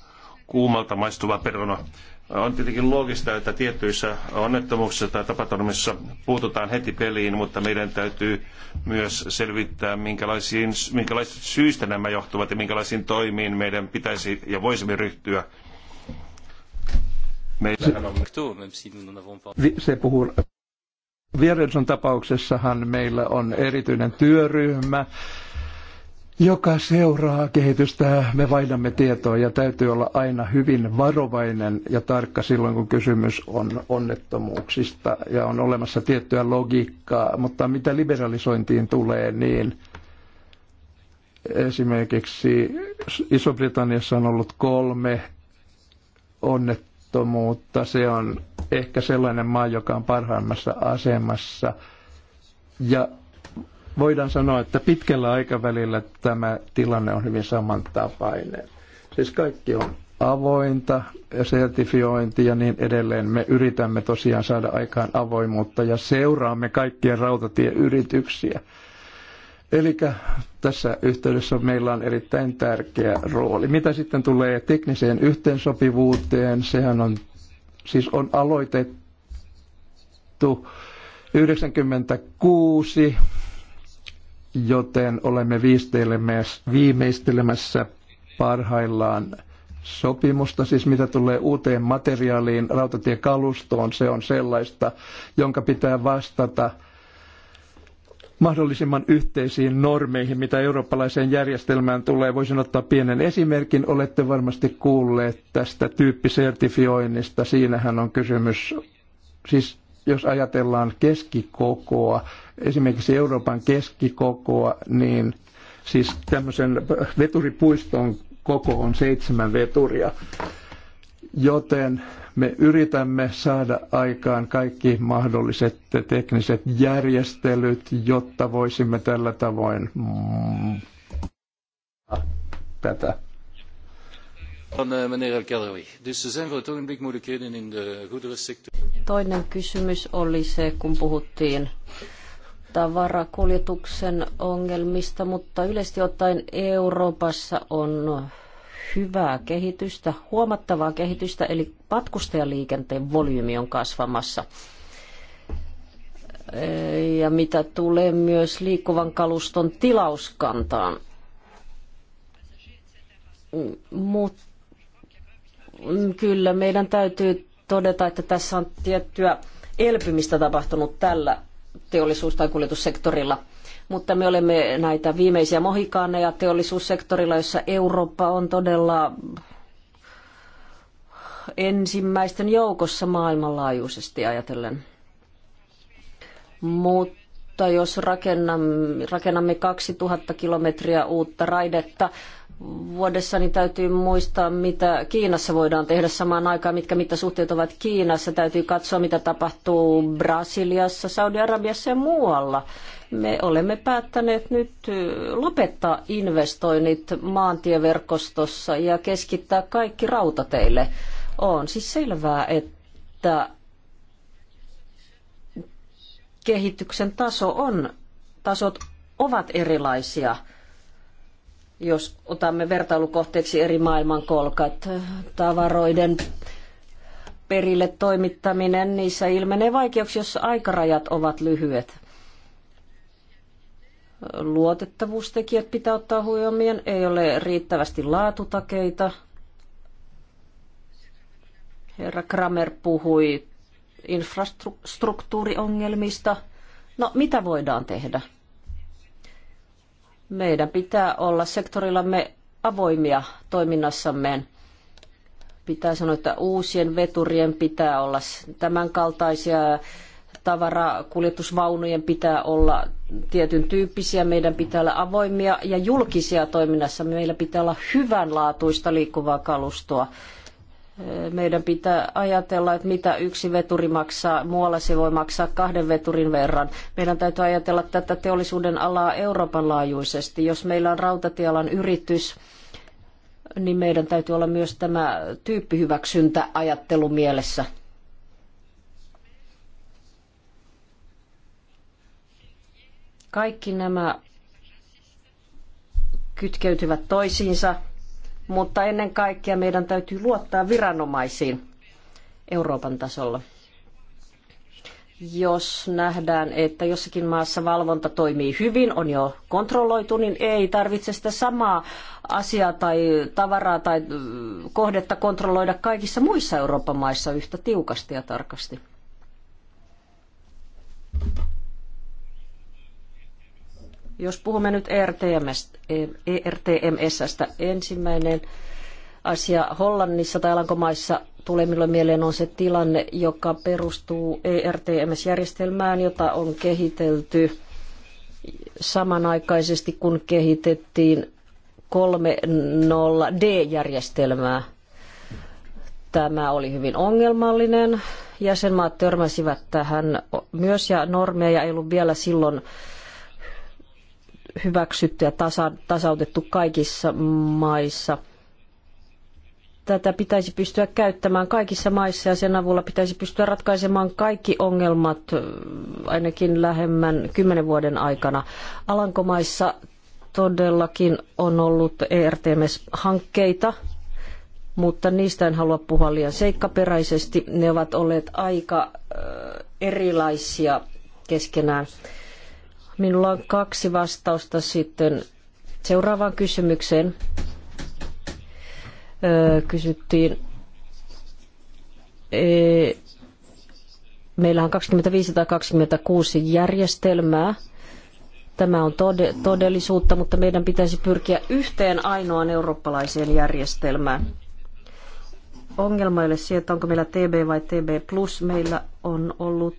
kuumalta maistuva peruna. On tietenkin loogista, että tiettyissä onnettomuuksissa tai tapaturmissa puututaan heti peliin, mutta meidän täytyy myös selvittää, minkälaisiin, minkälaisista syistä nämä johtuvat ja minkälaisiin toimiin meidän pitäisi ja voisimme ryhtyä. Se puhuu Vierelson tapauksessahan meillä on erityinen työryhmä, joka seuraa kehitystä. Me vaihdamme tietoa ja täytyy olla aina hyvin varovainen ja tarkka silloin, kun kysymys on onnettomuuksista ja on olemassa tiettyä logiikkaa. Mutta mitä liberalisointiin tulee, niin esimerkiksi Iso-Britanniassa on ollut kolme onnettomuutta. Se on ehkä sellainen maa, joka on parhaimmassa asemassa. Ja voidaan sanoa, että pitkällä aikavälillä tämä tilanne on hyvin samantapainen. Siis kaikki on avointa, sertifiointi ja niin edelleen. Me yritämme tosiaan saada aikaan avoimuutta ja seuraamme kaikkien rautatieyrityksiä. Eli tässä yhteydessä meillä on erittäin tärkeä rooli. Mitä sitten tulee tekniseen yhteensopivuuteen, sehän on, siis on aloitettu 96 joten olemme viimeistelemässä parhaillaan sopimusta, siis mitä tulee uuteen materiaaliin, rautatiekalustoon, se on sellaista, jonka pitää vastata mahdollisimman yhteisiin normeihin, mitä eurooppalaiseen järjestelmään tulee. Voisin ottaa pienen esimerkin. Olette varmasti kuulleet tästä tyyppisertifioinnista. Siinähän on kysymys, siis jos ajatellaan keskikokoa, esimerkiksi Euroopan keskikokoa, niin siis tämmöisen veturipuiston koko on seitsemän veturia, joten me yritämme saada aikaan kaikki mahdolliset tekniset järjestelyt, jotta voisimme tällä tavoin mm, tätä Eh, Toinen kysymys oli se, kun puhuttiin tavarakuljetuksen ongelmista, mutta yleisesti ottaen Euroopassa on hyvää kehitystä, huomattavaa kehitystä, eli matkustajaliikenteen volyymi on kasvamassa. Eh, ja mitä tulee myös liikkuvan kaluston tilauskantaan. Mutta kyllä meidän täytyy todeta, että tässä on tiettyä elpymistä tapahtunut tällä teollisuus- tai kuljetussektorilla. Mutta me olemme näitä viimeisiä mohikaaneja teollisuussektorilla, jossa Eurooppa on todella ensimmäisten joukossa maailmanlaajuisesti ajatellen. Mutta jos rakennamme, rakennamme 2000 kilometriä uutta raidetta, vuodessa, niin täytyy muistaa, mitä Kiinassa voidaan tehdä samaan aikaan, mitkä mittasuhteet ovat Kiinassa. Täytyy katsoa, mitä tapahtuu Brasiliassa, Saudi-Arabiassa ja muualla. Me olemme päättäneet nyt lopettaa investoinnit maantieverkostossa ja keskittää kaikki rautateille. On siis selvää, että kehityksen taso on, tasot ovat erilaisia – jos otamme vertailukohteeksi eri maailmankolkat. Tavaroiden perille toimittaminen, niissä ilmenee vaikeuksia, jos aikarajat ovat lyhyet. Luotettavuustekijät pitää ottaa huomioon, ei ole riittävästi laatutakeita. Herra Kramer puhui infrastruktuuriongelmista. No, mitä voidaan tehdä? Meidän pitää olla sektorillamme avoimia toiminnassamme. Pitää sanoa, että uusien veturien pitää olla tämän kaltaisia tavarakuljetusvaunujen pitää olla tietyn tyyppisiä, meidän pitää olla avoimia ja julkisia toiminnassa. Meillä pitää olla hyvänlaatuista liikkuvaa kalustoa meidän pitää ajatella, että mitä yksi veturi maksaa, muualla se voi maksaa kahden veturin verran. Meidän täytyy ajatella tätä teollisuuden alaa Euroopan laajuisesti. Jos meillä on rautatiealan yritys, niin meidän täytyy olla myös tämä tyyppihyväksyntä ajattelu mielessä. Kaikki nämä kytkeytyvät toisiinsa mutta ennen kaikkea meidän täytyy luottaa viranomaisiin Euroopan tasolla. Jos nähdään, että jossakin maassa valvonta toimii hyvin, on jo kontrolloitu, niin ei tarvitse sitä samaa asiaa tai tavaraa tai kohdetta kontrolloida kaikissa muissa Euroopan maissa yhtä tiukasti ja tarkasti. Jos puhumme nyt ERTMSstä, e ensimmäinen asia Hollannissa tai Alankomaissa tulee milloin mieleen on se tilanne, joka perustuu ERTMS-järjestelmään, jota on kehitelty samanaikaisesti, kun kehitettiin 3.0D-järjestelmää. Tämä oli hyvin ongelmallinen. Jäsenmaat törmäsivät tähän myös ja normeja ei ollut vielä silloin hyväksytty ja tasa, tasautettu kaikissa maissa. Tätä pitäisi pystyä käyttämään kaikissa maissa ja sen avulla pitäisi pystyä ratkaisemaan kaikki ongelmat ainakin lähemmän kymmenen vuoden aikana. Alankomaissa todellakin on ollut ERTMS-hankkeita, mutta niistä en halua puhua liian seikkaperäisesti. Ne ovat olleet aika erilaisia keskenään. Minulla on kaksi vastausta sitten seuraavaan kysymykseen. Öö, kysyttiin, e- meillä on 25 tai 26 järjestelmää. Tämä on todellisuutta, mutta meidän pitäisi pyrkiä yhteen ainoaan eurooppalaiseen järjestelmään. Ongelma ei ole se, että onko meillä TB vai TB+. Meillä on ollut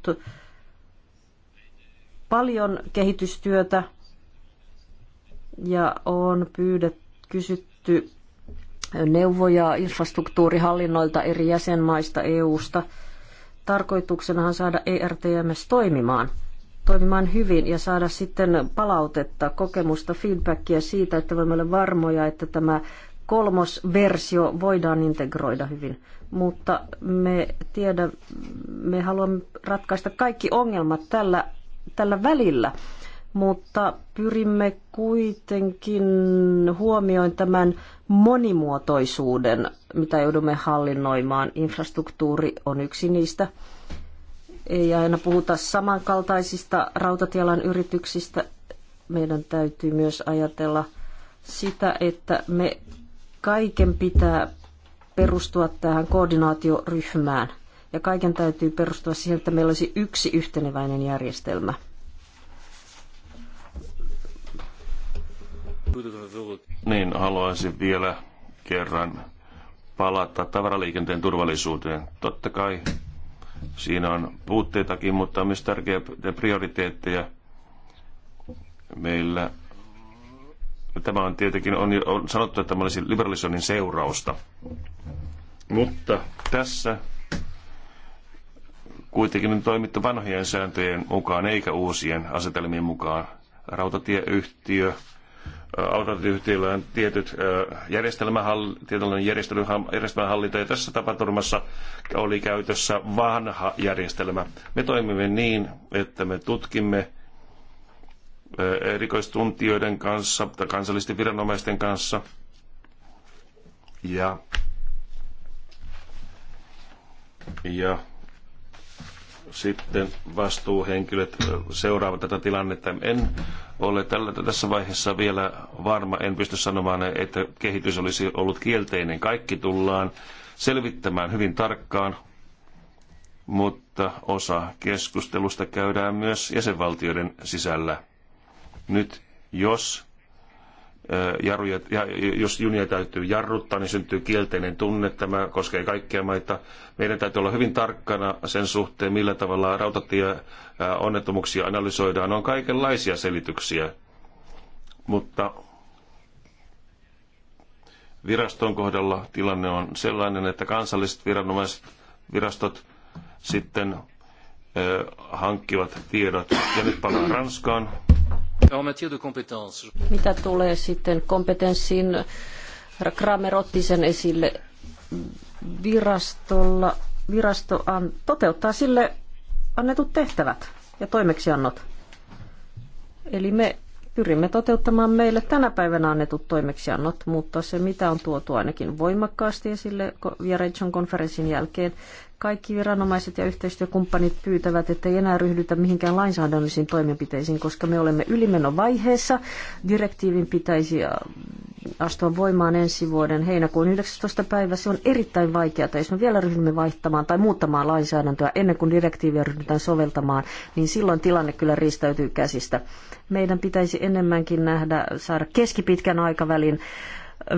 paljon kehitystyötä ja on pyydet, kysytty neuvoja infrastruktuurihallinnoilta eri jäsenmaista EU-sta. Tarkoituksenahan saada ERTMS toimimaan toimimaan hyvin ja saada sitten palautetta, kokemusta, feedbackia siitä, että voimme olla varmoja, että tämä kolmos versio voidaan integroida hyvin. Mutta me tiedä, me haluamme ratkaista kaikki ongelmat tällä tällä välillä, mutta pyrimme kuitenkin huomioin tämän monimuotoisuuden, mitä joudumme hallinnoimaan. Infrastruktuuri on yksi niistä. Ei aina puhuta samankaltaisista rautatialan yrityksistä. Meidän täytyy myös ajatella sitä, että me kaiken pitää perustua tähän koordinaatioryhmään – ja kaiken täytyy perustua siihen, että meillä olisi yksi yhteneväinen järjestelmä. Niin, haluaisin vielä kerran palata tavaraliikenteen turvallisuuteen. Totta kai siinä on puutteitakin, mutta on myös tärkeitä prioriteetteja meillä. Tämä on tietenkin on, on sanottu, että tämä olisi liberalisoinnin seurausta. Mutta tässä kuitenkin on toimittu vanhojen sääntöjen mukaan eikä uusien asetelmien mukaan. Rautatieyhtiö, autoyhtiöillä on tietyt järjestelmähall, tietynlainen järjestelmähallinta ja tässä tapaturmassa oli käytössä vanha järjestelmä. Me toimimme niin, että me tutkimme erikoistuntijoiden kanssa tai kansallisten viranomaisten kanssa ja ja sitten vastuuhenkilöt seuraavat tätä tilannetta. En ole tällä, tässä vaiheessa vielä varma, en pysty sanomaan, että kehitys olisi ollut kielteinen. Kaikki tullaan selvittämään hyvin tarkkaan, mutta osa keskustelusta käydään myös jäsenvaltioiden sisällä. Nyt jos jaruja, ja jos junia täytyy jarruttaa, niin syntyy kielteinen tunne. Tämä koskee kaikkia maita. Meidän täytyy olla hyvin tarkkana sen suhteen, millä tavalla rautatieonnettomuuksia analysoidaan. On kaikenlaisia selityksiä, mutta viraston kohdalla tilanne on sellainen, että kansalliset viranomaiset, virastot sitten hankkivat tiedot. Ja nyt palaan Ranskaan. Mitä tulee sitten kompetenssiin, Kramer otti sen esille virastolla. Virasto an, toteuttaa sille annetut tehtävät ja toimeksiannot. Eli me pyrimme toteuttamaan meille tänä päivänä annetut toimeksiannot, mutta se mitä on tuotu ainakin voimakkaasti esille Viareggion konferenssin jälkeen, kaikki viranomaiset ja yhteistyökumppanit pyytävät, että ei enää ryhdytä mihinkään lainsäädännöllisiin toimenpiteisiin, koska me olemme ylimenovaiheessa. Direktiivin pitäisi äh, astua voimaan ensi vuoden heinäkuun 19. päivä. Se on erittäin vaikeaa, jos me vielä ryhdymme vaihtamaan tai muuttamaan lainsäädäntöä ennen kuin direktiiviä ryhdytään soveltamaan, niin silloin tilanne kyllä riistäytyy käsistä. Meidän pitäisi enemmänkin nähdä, saada keskipitkän aikavälin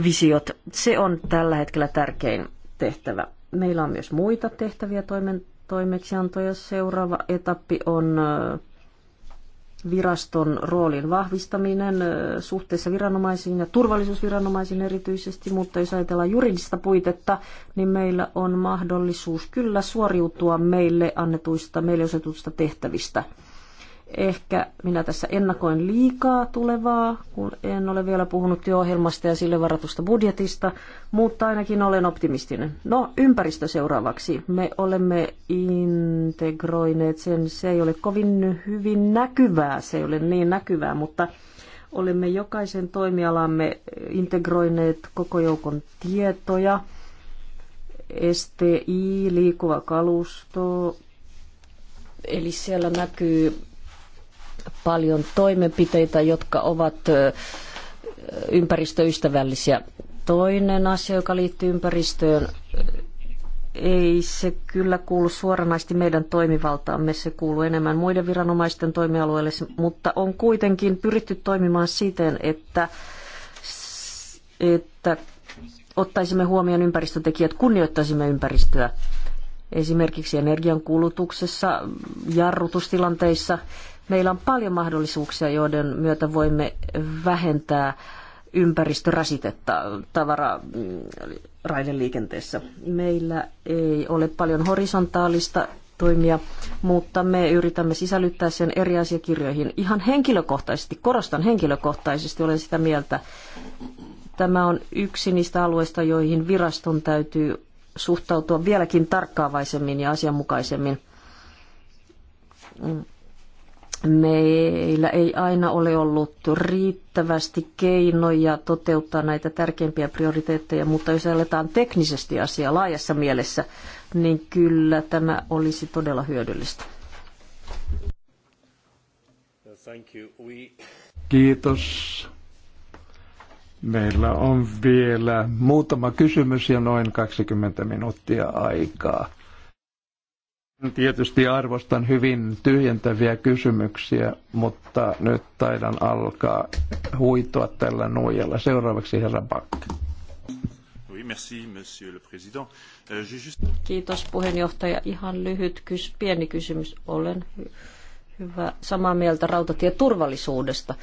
visiot. Se on tällä hetkellä tärkein tehtävä. Meillä on myös muita tehtäviä toimen, toimeksiantoja. Seuraava etappi on viraston roolin vahvistaminen suhteessa viranomaisiin ja turvallisuusviranomaisiin erityisesti, mutta jos ajatellaan juridista puitetta, niin meillä on mahdollisuus kyllä suoriutua meille annetuista, meille osetuista tehtävistä – Ehkä minä tässä ennakoin liikaa tulevaa, kun en ole vielä puhunut työohjelmasta ja sille varatusta budjetista, mutta ainakin olen optimistinen. No, ympäristö seuraavaksi. Me olemme integroineet sen. Se ei ole kovin hyvin näkyvää, se ei ole niin näkyvää, mutta olemme jokaisen toimialamme integroineet koko joukon tietoja. STI, liikkuva kalusto, eli siellä näkyy paljon toimenpiteitä, jotka ovat ympäristöystävällisiä. Toinen asia, joka liittyy ympäristöön, ei se kyllä kuulu suoranaisesti meidän toimivaltaamme, se kuuluu enemmän muiden viranomaisten toimialueelle, mutta on kuitenkin pyritty toimimaan siten, että, että ottaisimme huomioon ympäristötekijät, kunnioittaisimme ympäristöä esimerkiksi energiankulutuksessa, jarrutustilanteissa Meillä on paljon mahdollisuuksia, joiden myötä voimme vähentää ympäristörasitetta tavara mm, raideliikenteessä. Meillä ei ole paljon horisontaalista toimia, mutta me yritämme sisällyttää sen eri asiakirjoihin. Ihan henkilökohtaisesti, korostan henkilökohtaisesti, olen sitä mieltä, tämä on yksi niistä alueista, joihin viraston täytyy suhtautua vieläkin tarkkaavaisemmin ja asianmukaisemmin. Mm meillä ei aina ole ollut riittävästi keinoja toteuttaa näitä tärkeimpiä prioriteetteja, mutta jos aletaan teknisesti asiaa laajassa mielessä, niin kyllä tämä olisi todella hyödyllistä. Kiitos. Meillä on vielä muutama kysymys ja noin 20 minuuttia aikaa. Tietysti arvostan hyvin tyhjentäviä kysymyksiä, mutta nyt taidan alkaa huitoa tällä nuijalla. Seuraavaksi herra Bakke. Euh, Kiitos puheenjohtaja. Ihan lyhyt kys, pieni kysymys. Olen hy- hyvä samaa mieltä rautatieturvallisuudesta,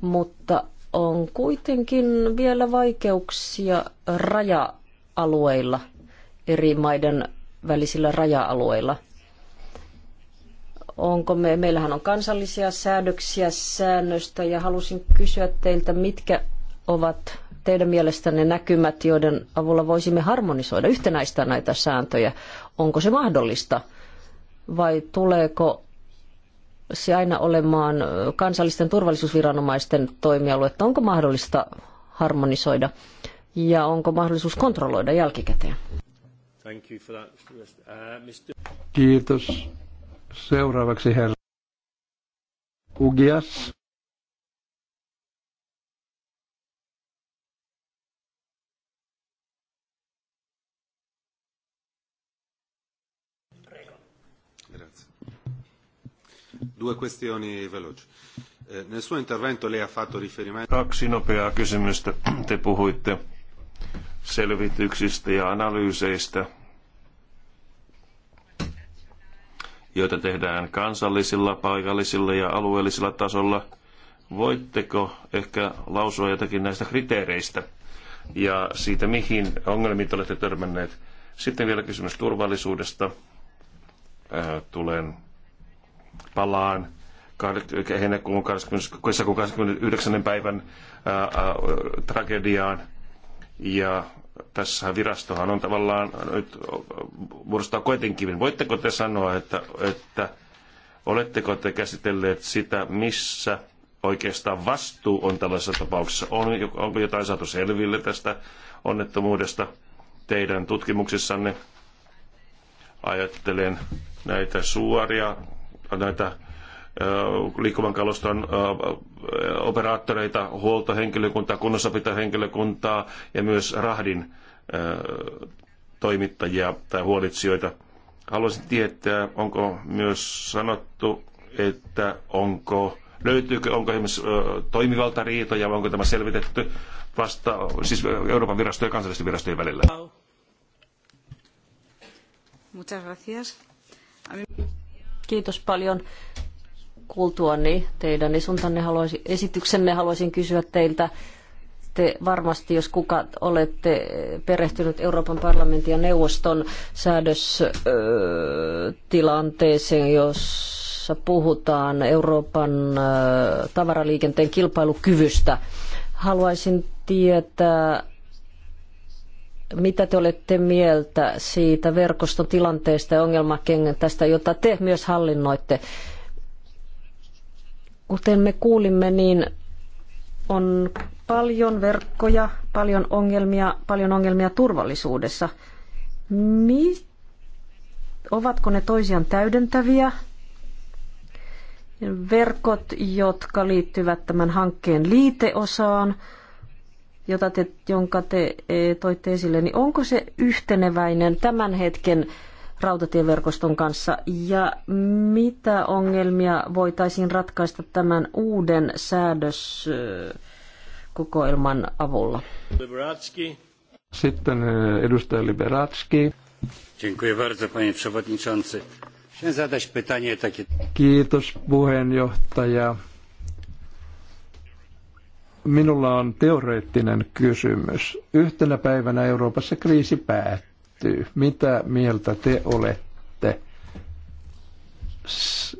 mutta on kuitenkin vielä vaikeuksia raja-alueilla, eri maiden välisillä raja-alueilla – Onko me, meillähän on kansallisia säädöksiä säännöstä ja halusin kysyä teiltä, mitkä ovat teidän mielestänne näkymät, joiden avulla voisimme harmonisoida, yhtenäistää näitä sääntöjä? Onko se mahdollista vai tuleeko se aina olemaan kansallisten turvallisuusviranomaisten että Onko mahdollista harmonisoida ja onko mahdollisuus kontrolloida jälkikäteen? Uh, Kiitos. Seuraavaksi herra Ugias. Due questioni veloci. Eh, nel suo intervento lei ha fatto riferimento... Kaksi nopeaa kysymystä. Te puhuitte selvityksistä ja analyyseistä joita tehdään kansallisilla, paikallisilla ja alueellisilla tasolla. Voitteko ehkä lausua jotakin näistä kriteereistä ja siitä, mihin ongelmiin te olette törmänneet? Sitten vielä kysymys turvallisuudesta. Äh, tulen palaan heinäkuun 29. päivän ää, äh, ää, äh, tragediaan. Ja tässä virastohan on tavallaan nyt muodostaa koetinkiven. Voitteko te sanoa, että, että oletteko te käsitelleet sitä, missä oikeastaan vastuu on tällaisessa tapauksessa? On, onko jotain saatu selville tästä onnettomuudesta teidän tutkimuksissanne? Ajattelen näitä suoria, näitä liikkuvan kaluston operaattoreita, huoltohenkilökuntaa, kunnossapitohenkilökuntaa ja myös rahdin toimittajia tai huolitsijoita. Haluaisin tietää, onko myös sanottu, että onko, löytyykö, onko esimerkiksi toimivaltariitoja, onko tämä selvitetty vasta, siis Euroopan virastojen ja kansallisten virastojen välillä? Kiitos paljon kuultuani teidän tänne haluaisin, esityksenne haluaisin kysyä teiltä, te varmasti, jos kuka olette perehtynyt Euroopan parlamentin ja neuvoston säädöstilanteeseen, jossa puhutaan Euroopan tavaraliikenteen kilpailukyvystä. Haluaisin tietää, mitä te olette mieltä siitä verkoston tilanteesta ja ongelmakengän tästä, jota te myös hallinnoitte. Kuten me kuulimme, niin on paljon verkkoja, paljon ongelmia, paljon ongelmia turvallisuudessa. Mi- ovatko ne toisiaan täydentäviä? Verkot, jotka liittyvät tämän hankkeen liiteosaan, jota te, jonka te eh, toitte esille, niin onko se yhteneväinen tämän hetken rautatieverkoston kanssa ja mitä ongelmia voitaisiin ratkaista tämän uuden säädöskokoelman avulla? Liberatski. Sitten eh, edustaja Liberatski. Kiitos puheenjohtaja. Minulla on teoreettinen kysymys. Yhtenä päivänä Euroopassa kriisi päättyy liittyy. Mitä mieltä te olette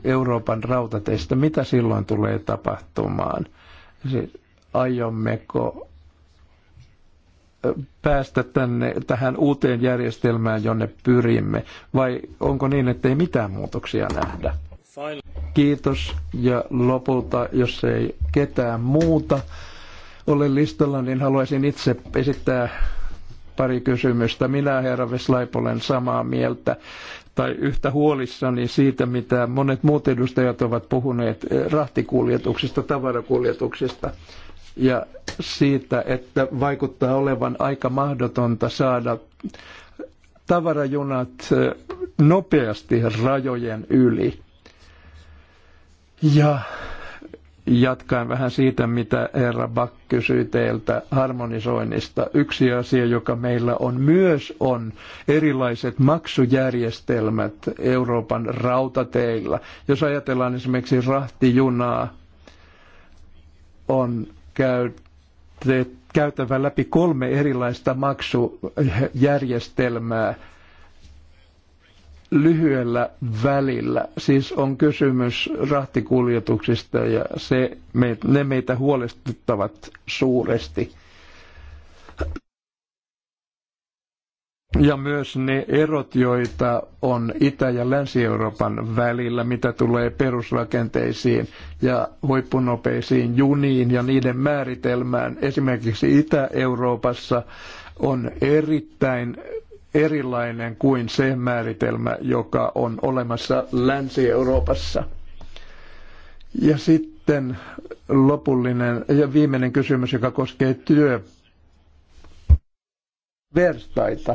Euroopan rautateistä? Mitä silloin tulee tapahtumaan? Aiommeko päästä tänne, tähän uuteen järjestelmään, jonne pyrimme? Vai onko niin, että ei mitään muutoksia nähdä? Kiitos ja lopulta, jos ei ketään muuta ole listalla, niin haluaisin itse esittää pari kysymystä. Minä, herra Veslaip, olen samaa mieltä tai yhtä huolissani siitä, mitä monet muut edustajat ovat puhuneet rahtikuljetuksista, tavarakuljetuksista ja siitä, että vaikuttaa olevan aika mahdotonta saada tavarajunat nopeasti rajojen yli. Ja jatkaen vähän siitä, mitä herra Back kysyi teiltä harmonisoinnista. Yksi asia, joka meillä on myös, on erilaiset maksujärjestelmät Euroopan rautateillä. Jos ajatellaan esimerkiksi rahtijunaa, on käytävä läpi kolme erilaista maksujärjestelmää lyhyellä välillä. Siis on kysymys rahtikuljetuksista ja se, me, ne meitä huolestuttavat suuresti. Ja myös ne erot, joita on Itä- ja Länsi-Euroopan välillä, mitä tulee perusrakenteisiin ja huippunopeisiin juniin ja niiden määritelmään. Esimerkiksi Itä-Euroopassa on erittäin erilainen kuin se määritelmä, joka on olemassa Länsi-Euroopassa. Ja sitten lopullinen ja viimeinen kysymys, joka koskee työverstaita.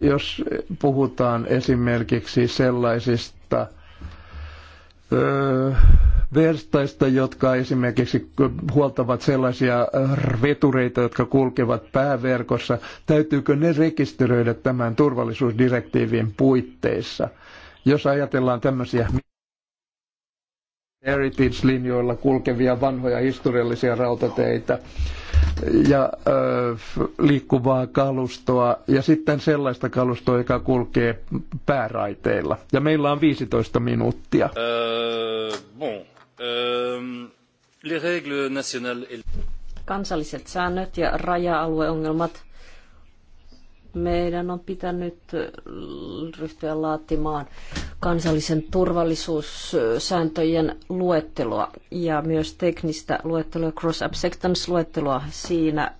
Jos puhutaan esimerkiksi sellaisista verstaista, jotka esimerkiksi huoltavat sellaisia vetureita, jotka kulkevat pääverkossa. Täytyykö ne rekisteröidä tämän turvallisuusdirektiivin puitteissa? Jos ajatellaan tämmöisiä Heritage-linjoilla kulkevia vanhoja historiallisia rautateitä ja ö, liikkuvaa kalustoa ja sitten sellaista kalustoa, joka kulkee pääraiteilla. Ja meillä on 15 minuuttia. Uh, bon. uh, les règles nationales... Kansalliset säännöt ja raja-alueongelmat meidän on pitänyt ryhtyä laatimaan kansallisen turvallisuussääntöjen luetteloa ja myös teknistä luetteloa, cross-acceptance-luetteloa. Siinä äh,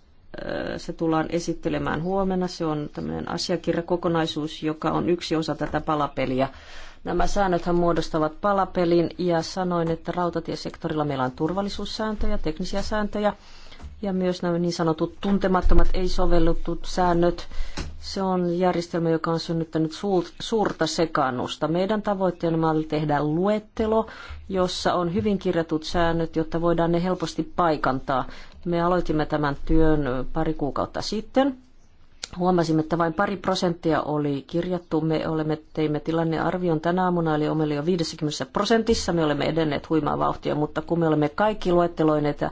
se tullaan esittelemään huomenna. Se on tämmöinen asiakirjakokonaisuus, joka on yksi osa tätä palapeliä. Nämä säännöthän muodostavat palapelin ja sanoin, että rautatiesektorilla meillä on turvallisuussääntöjä, teknisiä sääntöjä – ja myös nämä niin sanotut tuntemattomat ei sovellutut säännöt. Se on järjestelmä, joka on synnyttänyt suurta sekaannusta. Meidän tavoitteena on tehdä luettelo, jossa on hyvin kirjatut säännöt, jotta voidaan ne helposti paikantaa. Me aloitimme tämän työn pari kuukautta sitten. Huomasimme, että vain pari prosenttia oli kirjattu. Me olemme, teimme tilannearvion tänä aamuna, eli olemme jo 50 prosentissa. Me olemme edenneet huimaa vauhtia, mutta kun me olemme kaikki luetteloineet ja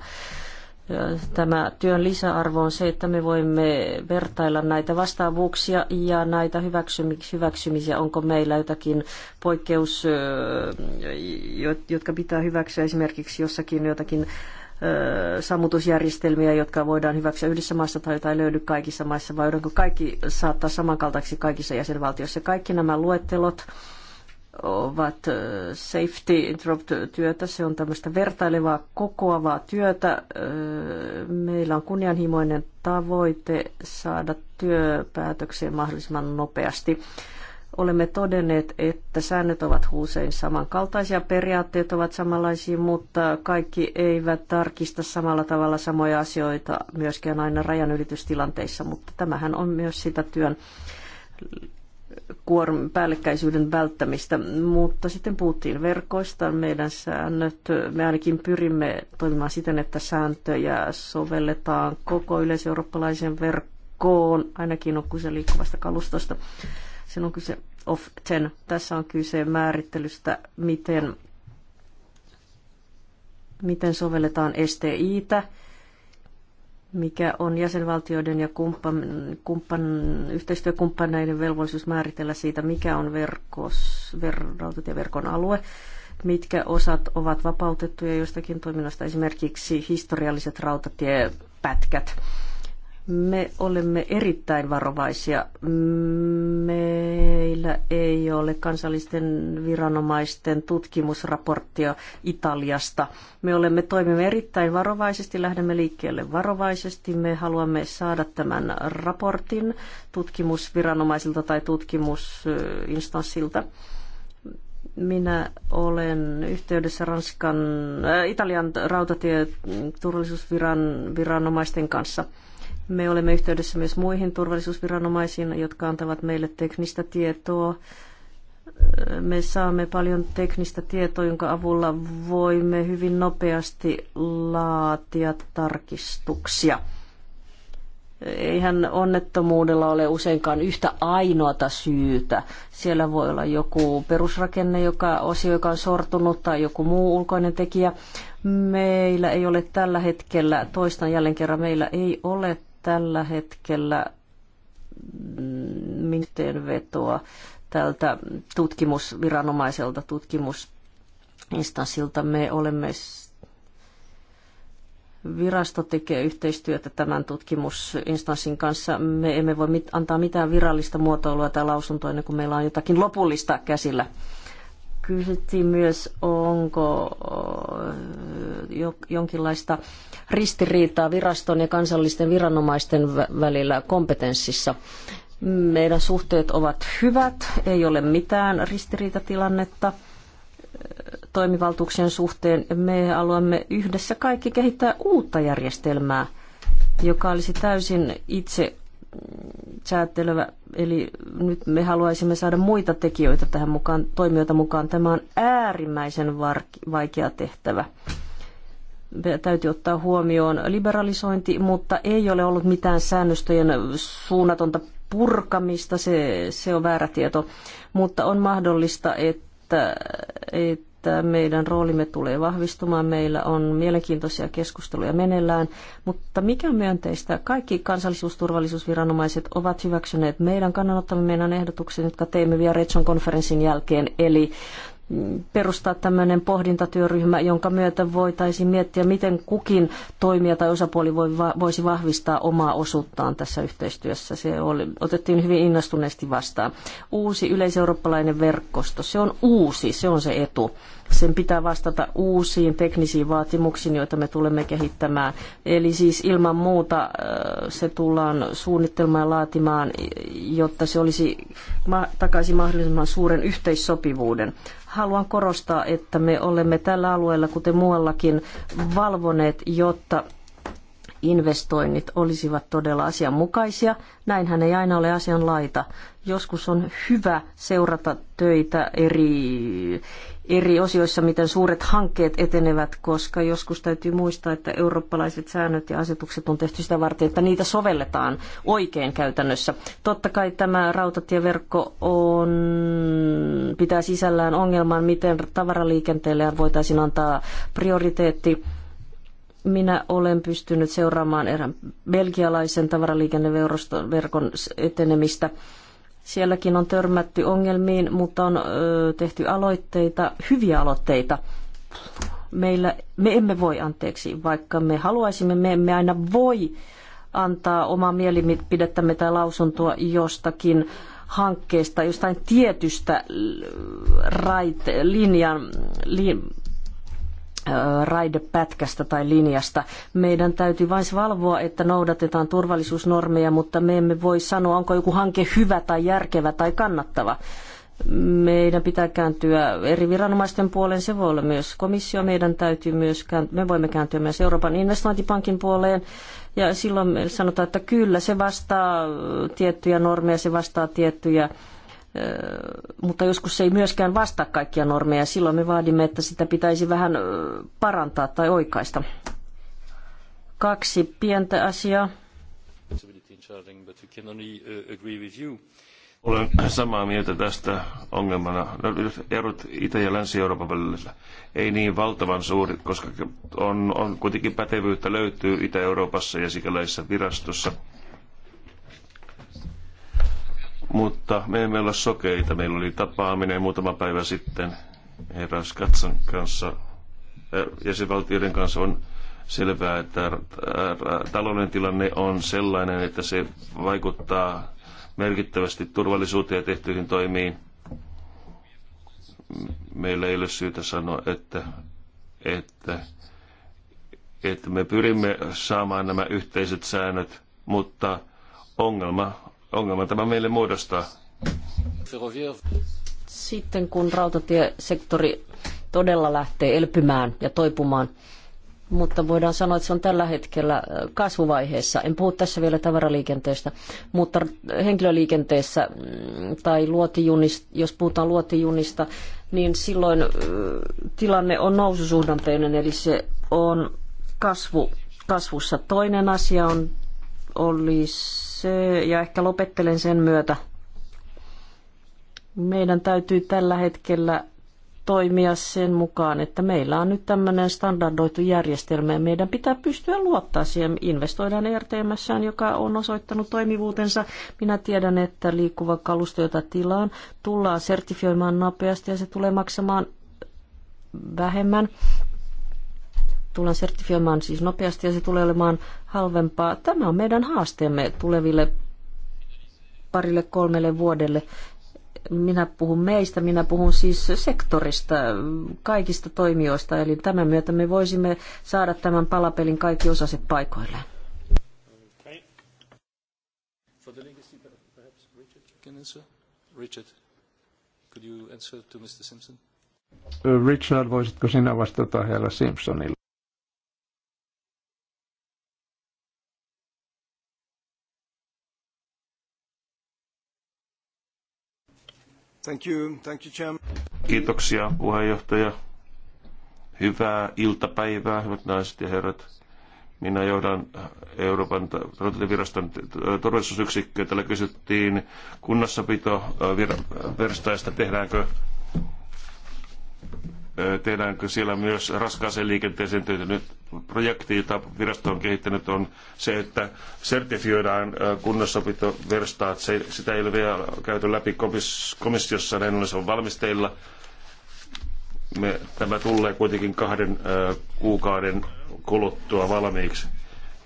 Tämä työn lisäarvo on se, että me voimme vertailla näitä vastaavuuksia ja näitä hyväksymisiä. Onko meillä jotakin poikkeus, jotka pitää hyväksyä esimerkiksi jossakin jotakin sammutusjärjestelmiä, jotka voidaan hyväksyä yhdessä maassa tai jotain löydy kaikissa maissa, vai kaikki saattaa samankaltaiseksi kaikissa jäsenvaltioissa. Kaikki nämä luettelot, ovat safety interrupt-työtä. Se on tämmöistä vertailevaa, kokoavaa työtä. Meillä on kunnianhimoinen tavoite saada työpäätöksiä mahdollisimman nopeasti. Olemme todenneet, että säännöt ovat usein samankaltaisia, periaatteet ovat samanlaisia, mutta kaikki eivät tarkista samalla tavalla samoja asioita myöskään aina rajanylitystilanteissa, mutta tämähän on myös sitä työn kuorm, päällekkäisyyden välttämistä, mutta sitten puhuttiin verkoista. Meidän säännöt, me ainakin pyrimme toimimaan siten, että sääntöjä sovelletaan koko yleiseurooppalaisen verkkoon, ainakin on kyse liikkuvasta kalustosta. Sen on kyse of ten. Tässä on kyse määrittelystä, miten, miten sovelletaan STItä, mikä on jäsenvaltioiden ja kumppan, kumppan, yhteistyökumppaneiden velvollisuus määritellä siitä, mikä on verkos, ver, rautatieverkon alue, mitkä osat ovat vapautettuja jostakin toiminnasta, esimerkiksi historialliset rautatiepätkät me olemme erittäin varovaisia. Meillä ei ole kansallisten viranomaisten tutkimusraporttia Italiasta. Me olemme toimimme erittäin varovaisesti, lähdemme liikkeelle varovaisesti. Me haluamme saada tämän raportin tutkimusviranomaisilta tai tutkimusinstanssilta minä olen yhteydessä Ranskan, äh, Italian rautatieturvallisuusviranomaisten kanssa – me olemme yhteydessä myös muihin turvallisuusviranomaisiin, jotka antavat meille teknistä tietoa. Me saamme paljon teknistä tietoa, jonka avulla voimme hyvin nopeasti laatia tarkistuksia. Eihän onnettomuudella ole useinkaan yhtä ainoata syytä. Siellä voi olla joku perusrakenne, joka osio, joka on sortunut, tai joku muu ulkoinen tekijä. Meillä ei ole tällä hetkellä, toistan jälleen kerran, meillä ei ole tällä hetkellä yhteenvetoa tältä tutkimusviranomaiselta, tutkimusinstanssilta. Me olemme Virasto tekee yhteistyötä tämän tutkimusinstanssin kanssa. Me emme voi antaa mitään virallista muotoilua tai lausuntoa ennen kuin meillä on jotakin lopullista käsillä kysyttiin myös, onko jonkinlaista ristiriitaa viraston ja kansallisten viranomaisten välillä kompetenssissa. Meidän suhteet ovat hyvät, ei ole mitään ristiriitatilannetta toimivaltuuksien suhteen. Me haluamme yhdessä kaikki kehittää uutta järjestelmää, joka olisi täysin itse säätelevä, eli nyt me haluaisimme saada muita tekijöitä tähän mukaan, toimijoita mukaan. Tämä on äärimmäisen vaikea tehtävä. Me täytyy ottaa huomioon liberalisointi, mutta ei ole ollut mitään säännöstöjen suunnatonta purkamista, se, se on väärä tieto, mutta on mahdollista, että, että että meidän roolimme tulee vahvistumaan. Meillä on mielenkiintoisia keskusteluja meneillään, mutta mikä on myönteistä? Kaikki kansallisuusturvallisuusviranomaiset ovat hyväksyneet meidän kannanottamme meidän ehdotuksen, jotka teimme vielä Retson konferenssin jälkeen, eli perustaa tämmöinen pohdintatyöryhmä, jonka myötä voitaisiin miettiä, miten kukin toimija tai osapuoli voi, voisi vahvistaa omaa osuuttaan tässä yhteistyössä. Se oli, otettiin hyvin innostuneesti vastaan. Uusi yleiseurooppalainen verkosto, se on uusi, se on se etu. Sen pitää vastata uusiin teknisiin vaatimuksiin, joita me tulemme kehittämään. Eli siis ilman muuta se tullaan suunnittelemaan ja laatimaan, jotta se olisi takaisin mahdollisimman suuren yhteissopivuuden. Haluan korostaa, että me olemme tällä alueella, kuten muuallakin, valvoneet, jotta investoinnit olisivat todella asianmukaisia. Näinhän ei aina ole asianlaita. Joskus on hyvä seurata töitä eri eri osioissa, miten suuret hankkeet etenevät, koska joskus täytyy muistaa, että eurooppalaiset säännöt ja asetukset on tehty sitä varten, että niitä sovelletaan oikein käytännössä. Totta kai tämä rautatieverkko on, pitää sisällään ongelman, miten tavaraliikenteelle voitaisiin antaa prioriteetti minä olen pystynyt seuraamaan erään belgialaisen tavaraliikenneverkon etenemistä Sielläkin on törmätty ongelmiin, mutta on tehty aloitteita, hyviä aloitteita. Meillä, me emme voi, anteeksi, vaikka me haluaisimme, me emme aina voi antaa omaa mielipidettämme tai lausuntoa jostakin hankkeesta, jostain tietystä raite, linjan, li, raidepätkästä tai linjasta. Meidän täytyy vain valvoa, että noudatetaan turvallisuusnormeja, mutta me emme voi sanoa, onko joku hanke hyvä tai järkevä tai kannattava. Meidän pitää kääntyä eri viranomaisten puoleen, se voi olla myös komissio, meidän täytyy myös, me voimme kääntyä myös Euroopan investointipankin puoleen, ja silloin sanotaan, että kyllä, se vastaa tiettyjä normeja, se vastaa tiettyjä mutta joskus se ei myöskään vastaa kaikkia normeja. Silloin me vaadimme, että sitä pitäisi vähän parantaa tai oikaista. Kaksi pientä asiaa. Olen samaa mieltä tästä ongelmana. Erot Itä- ja Länsi-Euroopan välillä ei niin valtavan suuri, koska on, on kuitenkin pätevyyttä löytyy Itä-Euroopassa ja sikäläisessä virastossa mutta me emme ole sokeita. Meillä oli tapaaminen muutama päivä sitten eräs katsan kanssa, jäsenvaltioiden kanssa on selvää, että talouden tilanne on sellainen, että se vaikuttaa merkittävästi turvallisuuteen ja tehtyihin toimiin. Meillä ei ole syytä sanoa, että, että, että me pyrimme saamaan nämä yhteiset säännöt, mutta ongelma ongelman tämä meille muodostaa. Sitten kun rautatiesektori todella lähtee elpymään ja toipumaan, mutta voidaan sanoa, että se on tällä hetkellä kasvuvaiheessa. En puhu tässä vielä tavaraliikenteestä, mutta henkilöliikenteessä mm, tai luotijunista, jos puhutaan luotijunista, niin silloin tilanne on noususuhdanteinen, eli se on kasvu, kasvussa. Toinen asia on, olisi se, ja ehkä lopettelen sen myötä. Meidän täytyy tällä hetkellä toimia sen mukaan, että meillä on nyt tämmöinen standardoitu järjestelmä ja meidän pitää pystyä luottaa siihen. Investoidaan ERTMSään, joka on osoittanut toimivuutensa. Minä tiedän, että liikkuva kalusto, jota tilaan, tullaan sertifioimaan nopeasti ja se tulee maksamaan vähemmän tullaan sertifioimaan siis nopeasti ja se tulee olemaan halvempaa. Tämä on meidän haasteemme tuleville parille kolmelle vuodelle. Minä puhun meistä, minä puhun siis sektorista, kaikista toimijoista, eli tämän myötä me voisimme saada tämän palapelin kaikki osaset paikoilleen. Richard, voisitko sinä vastata Hella Simpsonille? Kiitoksia puheenjohtaja. Hyvää iltapäivää, hyvät naiset ja herrat. Minä johdan Euroopan rautatieviraston turvallisuusyksikköä. Täällä kysyttiin kunnossapito verstaista, tehdäänkö Tehdäänkö siellä myös raskaaseen liikenteeseen Nyt projekti, jota virasto on kehittänyt, on se, että sertifioidaan kunnossapitoverstaat. Se, sitä ei ole vielä käyty läpi komissiossa, näin ollen se on valmisteilla. Me, tämä tulee kuitenkin kahden kuukauden kuluttua valmiiksi.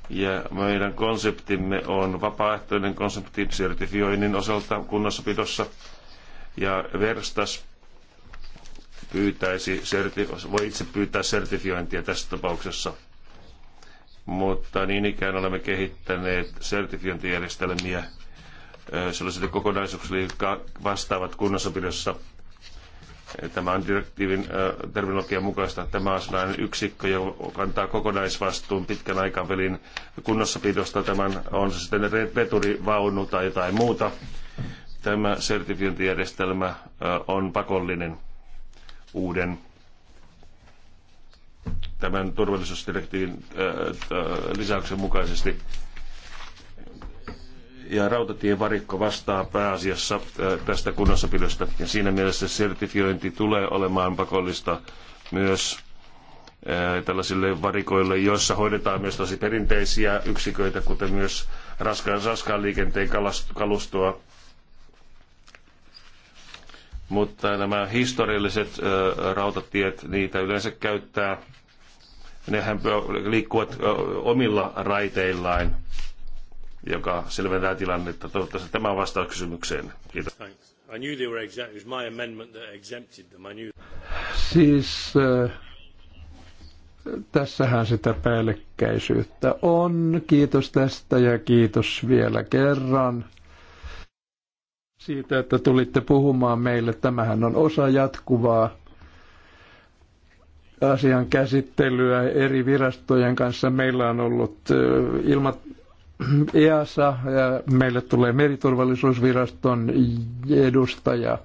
Ja meidän konseptimme on vapaaehtoinen konsepti sertifioinnin osalta kunnossapidossa. Ja verstas pyytäisi, voi itse pyytää sertifiointia tässä tapauksessa. Mutta niin ikään olemme kehittäneet sertifiointijärjestelmiä sellaisille kokonaisuuksille, jotka vastaavat kunnossapidossa. Tämä on direktiivin terminologian mukaista. Tämä on sellainen yksikkö, joka kantaa kokonaisvastuun pitkän aikavälin kunnossapidosta. Tämän on se sitten veturivaunu tai jotain muuta. Tämä sertifiointijärjestelmä on pakollinen uuden tämän turvallisuusdirektiivin äh, äh, lisäyksen mukaisesti. Ja rautatien varikko vastaa pääasiassa äh, tästä kunnossapidosta. Ja siinä mielessä sertifiointi tulee olemaan pakollista myös tällaisille varikoille, joissa hoidetaan myös tosi perinteisiä yksiköitä, kuten myös raskaan, raskaan liikenteen kalustoa mutta nämä historialliset rautatiet, niitä yleensä käyttää, nehän liikkuvat omilla raiteillaan, joka selventää tilannetta. Toivottavasti tämä on vastaus kysymykseen. Kiitos. I knew they were exempt. It was my amendment that exempted them. I knew. Siis tässähän sitä päällekkäisyyttä on. Kiitos tästä ja kiitos vielä kerran siitä, että tulitte puhumaan meille. Tämähän on osa jatkuvaa asian käsittelyä eri virastojen kanssa. Meillä on ollut ilma EASA ja meille tulee meriturvallisuusviraston edustaja.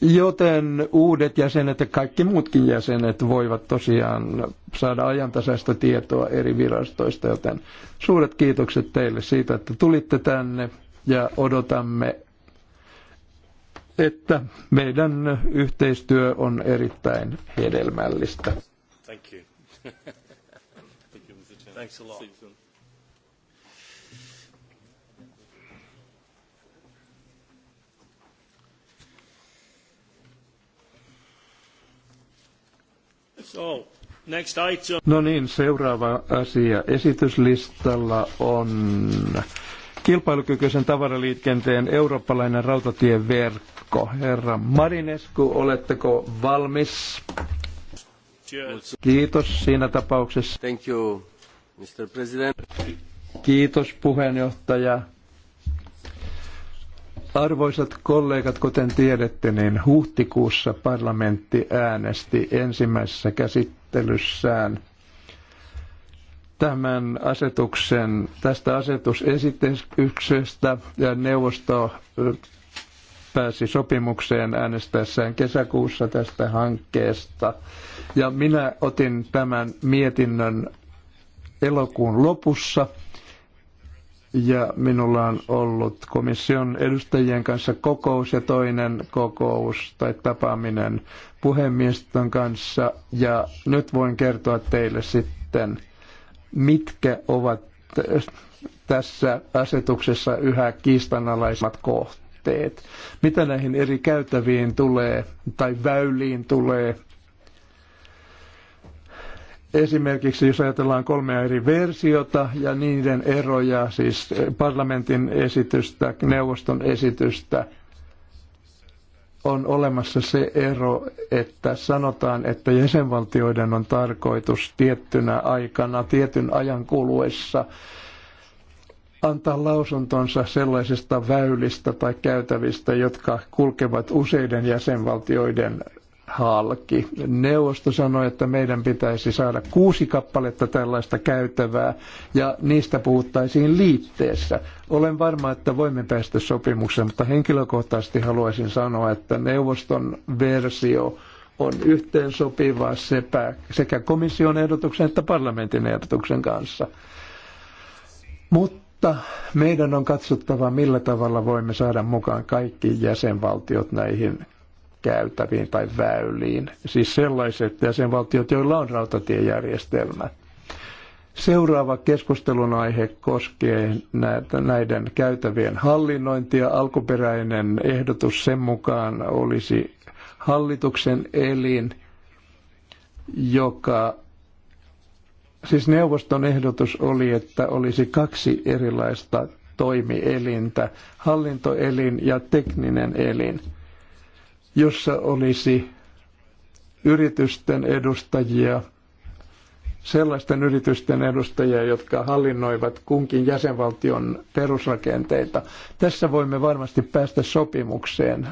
Joten uudet jäsenet ja kaikki muutkin jäsenet voivat tosiaan saada ajantasaista tietoa eri virastoista, joten suuret kiitokset teille siitä, että tulitte tänne ja odotamme että meidän yhteistyö on erittäin hedelmällistä. Thank you. Thank you, Mr. Thanks a lot. So, next item. No niin, seuraava asia esityslistalla on Kilpailukykyisen tavaraliikenteen eurooppalainen rautatieverkko. Herra Marinesku, oletteko valmis? Kiitos siinä tapauksessa. Thank you, Mr. President. Kiitos puheenjohtaja. Arvoisat kollegat, kuten tiedätte, niin huhtikuussa parlamentti äänesti ensimmäisessä käsittelyssään tämän asetuksen, tästä asetusesityksestä ja neuvosto pääsi sopimukseen äänestäessään kesäkuussa tästä hankkeesta. Ja minä otin tämän mietinnön elokuun lopussa ja minulla on ollut komission edustajien kanssa kokous ja toinen kokous tai tapaaminen puhemiestön kanssa ja nyt voin kertoa teille sitten mitkä ovat tässä asetuksessa yhä kiistanalaisimmat kohteet. Mitä näihin eri käytäviin tulee tai väyliin tulee? Esimerkiksi jos ajatellaan kolmea eri versiota ja niiden eroja, siis parlamentin esitystä, neuvoston esitystä on olemassa se ero, että sanotaan, että jäsenvaltioiden on tarkoitus tiettynä aikana, tietyn ajan kuluessa antaa lausuntonsa sellaisista väylistä tai käytävistä, jotka kulkevat useiden jäsenvaltioiden halki. Neuvosto sanoi, että meidän pitäisi saada kuusi kappaletta tällaista käytävää ja niistä puhuttaisiin liitteessä. Olen varma, että voimme päästä sopimukseen, mutta henkilökohtaisesti haluaisin sanoa, että neuvoston versio on sopiva sekä komission ehdotuksen että parlamentin ehdotuksen kanssa. mutta meidän on katsottava, millä tavalla voimme saada mukaan kaikki jäsenvaltiot näihin käytäviin tai väyliin. Siis sellaiset jäsenvaltiot, joilla on rautatiejärjestelmä. Seuraava keskustelun aihe koskee näiden käytävien hallinnointia. Alkuperäinen ehdotus sen mukaan olisi hallituksen elin, joka, siis neuvoston ehdotus oli, että olisi kaksi erilaista toimielintä, hallintoelin ja tekninen elin jossa olisi yritysten edustajia, sellaisten yritysten edustajia, jotka hallinnoivat kunkin jäsenvaltion perusrakenteita. Tässä voimme varmasti päästä sopimukseen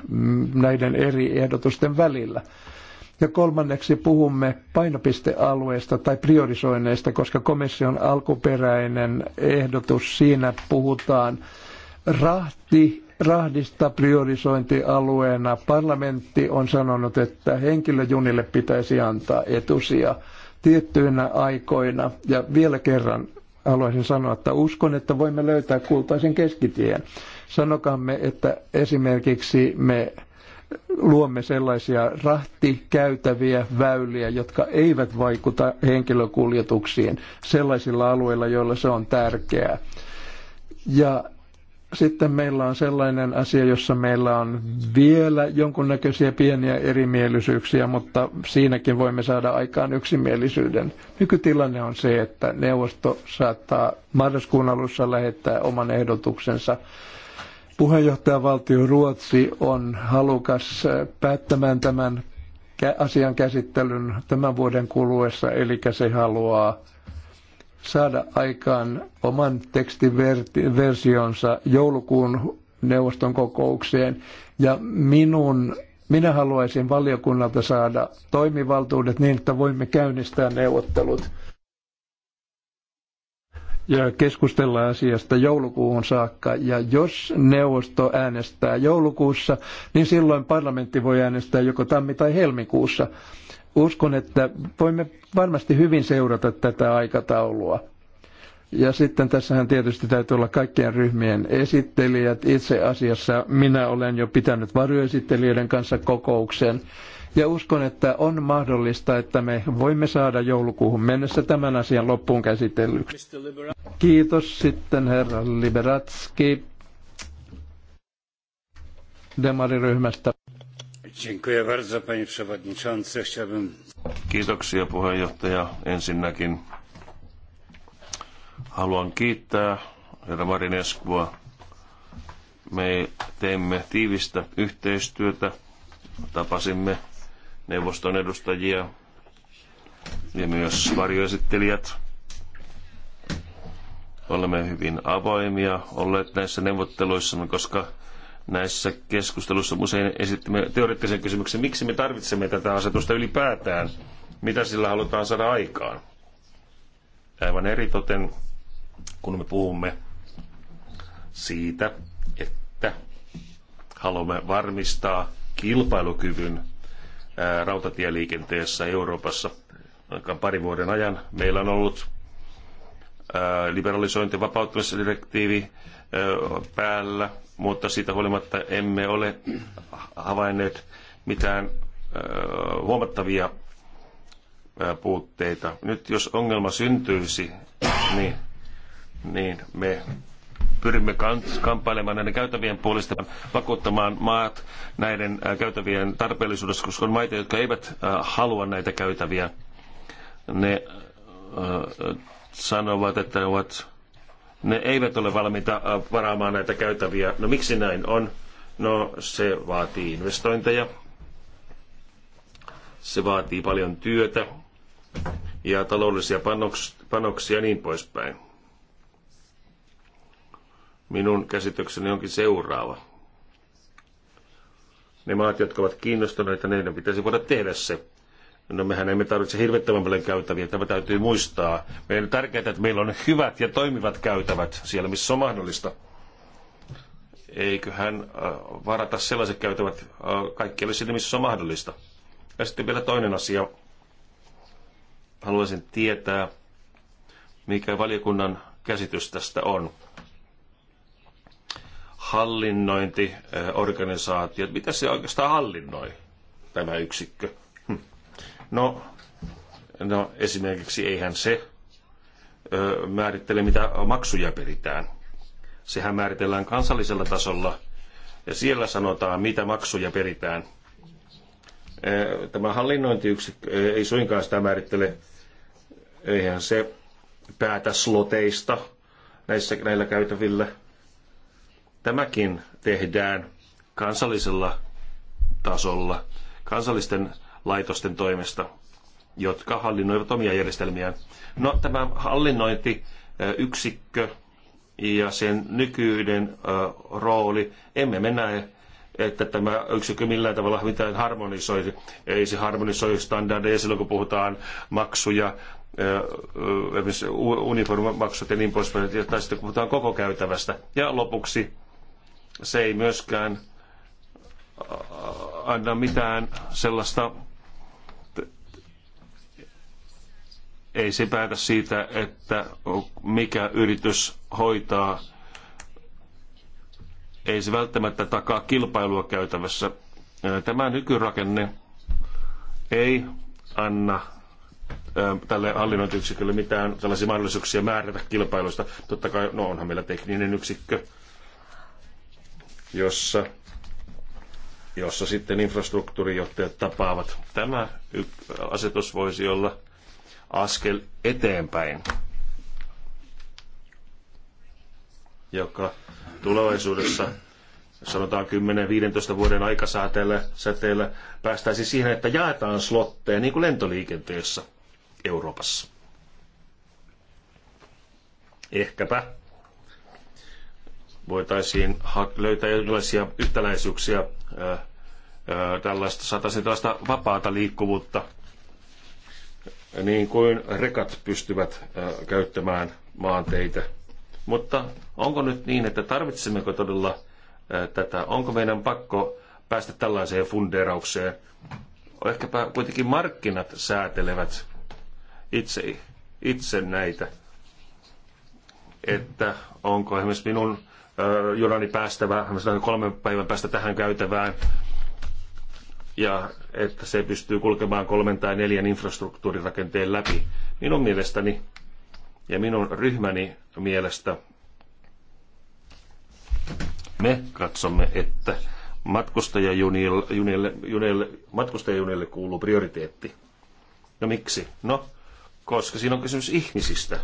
näiden eri ehdotusten välillä. Ja kolmanneksi puhumme painopistealueista tai priorisoinneista, koska komission alkuperäinen ehdotus siinä puhutaan rahti rahdista priorisointialueena parlamentti on sanonut, että henkilöjunille pitäisi antaa etusia tiettyinä aikoina. Ja vielä kerran haluaisin sanoa, että uskon, että voimme löytää kultaisen keskitien. Sanokamme, että esimerkiksi me luomme sellaisia rahtikäytäviä väyliä, jotka eivät vaikuta henkilökuljetuksiin sellaisilla alueilla, joilla se on tärkeää. Ja sitten meillä on sellainen asia, jossa meillä on vielä jonkunnäköisiä pieniä erimielisyyksiä, mutta siinäkin voimme saada aikaan yksimielisyyden. Nykytilanne on se, että neuvosto saattaa marraskuun alussa lähettää oman ehdotuksensa puheenjohtajavaltio Ruotsi on halukas eh, päättämään tämän asian käsittelyn tämän vuoden kuluessa, eli se haluaa saada aikaan oman tekstiversionsa joulukuun neuvoston kokoukseen. Ja minun, minä haluaisin valiokunnalta saada toimivaltuudet niin, että voimme käynnistää neuvottelut ja keskustella asiasta joulukuuhun saakka. Ja jos neuvosto äänestää joulukuussa, niin silloin parlamentti voi äänestää joko tammi- tai helmikuussa uskon, että voimme varmasti hyvin seurata tätä aikataulua. Ja sitten tässähän tietysti täytyy olla kaikkien ryhmien esittelijät. Itse asiassa minä olen jo pitänyt varjoesittelijöiden kanssa kokouksen. Ja uskon, että on mahdollista, että me voimme saada joulukuuhun mennessä tämän asian loppuun käsitellyksi. Kiitos sitten herra Liberatski demariryhmästä. Kiitoksia puheenjohtaja. Ensinnäkin haluan kiittää herra Marineskua. Me teemme tiivistä yhteistyötä. Tapasimme neuvoston edustajia ja myös varjoesittelijät. Olemme hyvin avoimia olleet näissä neuvotteluissa, koska näissä keskustelussa usein esittämme teoreettisen kysymyksen, miksi me tarvitsemme tätä asetusta ylipäätään, mitä sillä halutaan saada aikaan. Aivan eritoten, kun me puhumme siitä, että haluamme varmistaa kilpailukyvyn rautatieliikenteessä Euroopassa. Aika pari vuoden ajan meillä on ollut liberalisointi- ja vapauttamisdirektiivi päällä, mutta siitä huolimatta emme ole havainneet mitään huomattavia puutteita. Nyt jos ongelma syntyisi, niin, niin me pyrimme kamppailemaan näiden käytävien puolesta, vakuuttamaan maat näiden käytävien tarpeellisuudessa, koska on maita, jotka eivät halua näitä käytäviä. Ne sanovat, että ne, ovat, ne eivät ole valmiita äh, varaamaan näitä käytäviä. No miksi näin on? No se vaatii investointeja, se vaatii paljon työtä ja taloudellisia panoksia ja niin poispäin. Minun käsitykseni onkin seuraava. Ne maat, jotka ovat kiinnostuneita, ne pitäisi voida tehdä se. No mehän emme tarvitse hirvittävän paljon käytäviä, tämä täytyy muistaa. Meidän tärkeää, että meillä on hyvät ja toimivat käytävät siellä, missä on mahdollista. Eiköhän äh, varata sellaiset käytävät äh, kaikkialle sinne, missä on mahdollista. Ja sitten vielä toinen asia. Haluaisin tietää, mikä valiokunnan käsitys tästä on. Hallinnointiorganisaatiot, äh, mitä se oikeastaan hallinnoi, tämä yksikkö? No, no esimerkiksi eihän se ö, määrittele, mitä maksuja peritään. Sehän määritellään kansallisella tasolla ja siellä sanotaan, mitä maksuja peritään. Tämä hallinnointiyksikkö ei suinkaan sitä määrittele, eihän se päätä sloteista näissä, näillä käytävillä. Tämäkin tehdään kansallisella tasolla kansallisten laitosten toimesta, jotka hallinnoivat omia järjestelmiään. No, tämä hallinnointiyksikkö ja sen nykyinen rooli, emme me näe, että tämä yksikkö millään tavalla mitään harmonisoisi, Ei se harmonisoi standardeja silloin, kun puhutaan maksuja, esimerkiksi uniformimaksut ja niin poispäin, tai sitten puhutaan koko käytävästä. Ja lopuksi se ei myöskään anna mitään sellaista ei se päätä siitä, että mikä yritys hoitaa. Ei se välttämättä takaa kilpailua käytävässä. Tämä nykyrakenne ei anna tälle hallinnointiyksikölle mitään tällaisia mahdollisuuksia määrätä kilpailusta. Totta kai, no onhan meillä tekninen yksikkö, jossa, jossa sitten infrastruktuurijohtajat tapaavat. Tämä asetus voisi olla – askel eteenpäin, joka tulevaisuudessa sanotaan 10-15 vuoden aikasäteellä säteellä päästäisiin siihen, että jaetaan slotteja niin kuin lentoliikenteessä Euroopassa. Ehkäpä voitaisiin löytää erilaisia yhtäläisyyksiä tällaista, saataisiin tällaista vapaata liikkuvuutta niin kuin rekat pystyvät käyttämään maanteitä. Mutta onko nyt niin, että tarvitsemmeko todella tätä? Onko meidän pakko päästä tällaiseen fundeeraukseen? Ehkäpä kuitenkin markkinat säätelevät itse, itse näitä, että onko esimerkiksi minun junani päästävä, kolmen päivän päästä tähän käytävään ja että se pystyy kulkemaan kolmen tai neljän infrastruktuurirakenteen läpi. Minun mielestäni ja minun ryhmäni mielestä me katsomme, että matkustajajunille, junille, junille, kuuluu prioriteetti. No miksi? No, koska siinä on kysymys ihmisistä.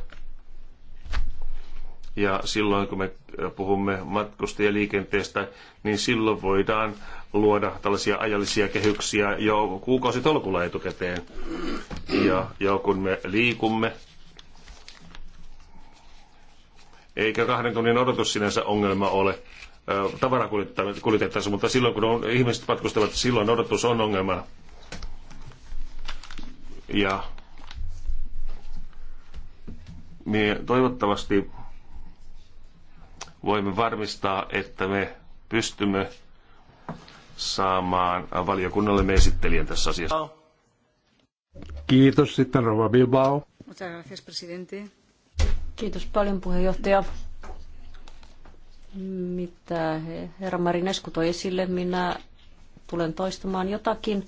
Ja silloin kun me puhumme matkustajaliikenteestä, niin silloin voidaan luoda tällaisia ajallisia kehyksiä jo tolkulla etukäteen. Ja jo kun me liikumme, eikä kahden tunnin odotus sinänsä ongelma ole tavarakuljetettaessa, mutta silloin kun on, ihmiset matkustavat, silloin odotus on ongelma. Ja me toivottavasti voimme varmistaa, että me pystymme saamaan valiokunnallemme esittelijän tässä asiassa. Kiitos. Sitten Rova Bilbao. Kiitos paljon puheenjohtaja. Mitä herra Marinesku toi esille, minä tulen toistamaan jotakin,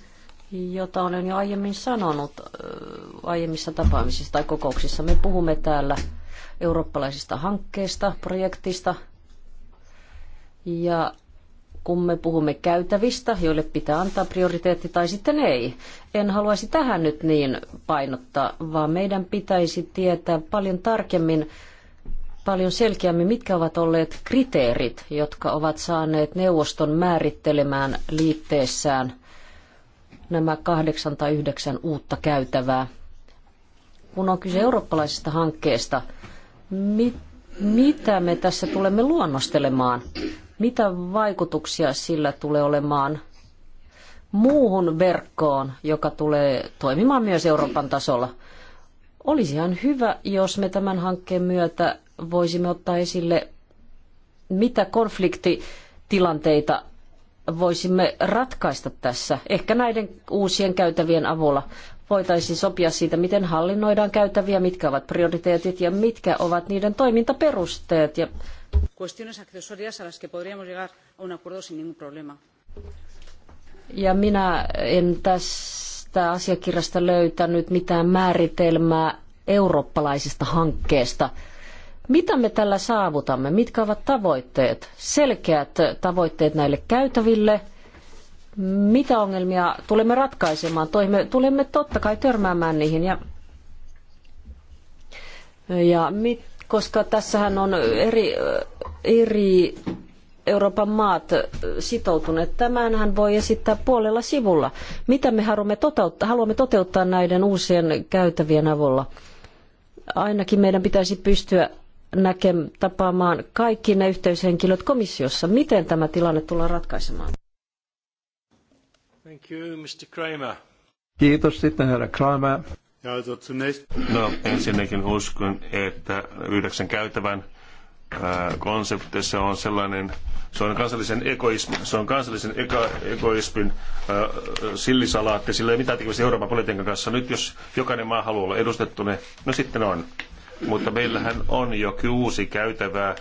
jota olen jo aiemmin sanonut aiemmissa tapaamisissa tai kokouksissa. Me puhumme täällä eurooppalaisista hankkeista, projektista. Ja kun me puhumme käytävistä, joille pitää antaa prioriteetti tai sitten ei. En haluaisi tähän nyt niin painottaa, vaan meidän pitäisi tietää paljon tarkemmin, paljon selkeämmin, mitkä ovat olleet kriteerit, jotka ovat saaneet neuvoston määrittelemään liitteessään nämä kahdeksan tai yhdeksän uutta käytävää – kun on kyse eurooppalaisesta hankkeesta, mit, mitä me tässä tulemme luonnostelemaan? Mitä vaikutuksia sillä tulee olemaan muuhun verkkoon, joka tulee toimimaan myös Euroopan tasolla? Olisi ihan hyvä, jos me tämän hankkeen myötä voisimme ottaa esille, mitä konfliktitilanteita voisimme ratkaista tässä, ehkä näiden uusien käytävien avulla voitaisiin sopia siitä, miten hallinnoidaan käytäviä, mitkä ovat prioriteetit ja mitkä ovat niiden toimintaperusteet. Ja cuestiones accesorias a las que podríamos llegar a un acuerdo sin ningún problema. Ja minä en tästä asiakirjasta löytänyt mitään määritelmää eurooppalaisesta hankkeesta. Mitä me tällä saavutamme? Mitkä ovat tavoitteet? Selkeät tavoitteet näille käytäville – mitä ongelmia tulemme ratkaisemaan. Toimme, tulemme totta kai törmäämään niihin. Ja, ja mit, koska tässähän on eri, eri Euroopan maat sitoutuneet. hän voi esittää puolella sivulla. Mitä me haluamme toteuttaa, haluamme toteuttaa näiden uusien käytävien avulla? Ainakin meidän pitäisi pystyä näkemään tapaamaan kaikki ne yhteyshenkilöt komissiossa. Miten tämä tilanne tullaan ratkaisemaan? Thank you, Mr. Kramer. Kiitos sitten herra Kramer. No ensinnäkin uskon, että yhdeksän käytävän konsepti, se on sellainen, se on kansallisen egoismin, se on kansallisen eko, egoismin äh, sillisalaatti, sillä ei mitään tekemistä Euroopan politiikan kanssa. Nyt jos jokainen maa haluaa olla edustettune, no sitten on. Mutta meillähän on jo kuusi käytävää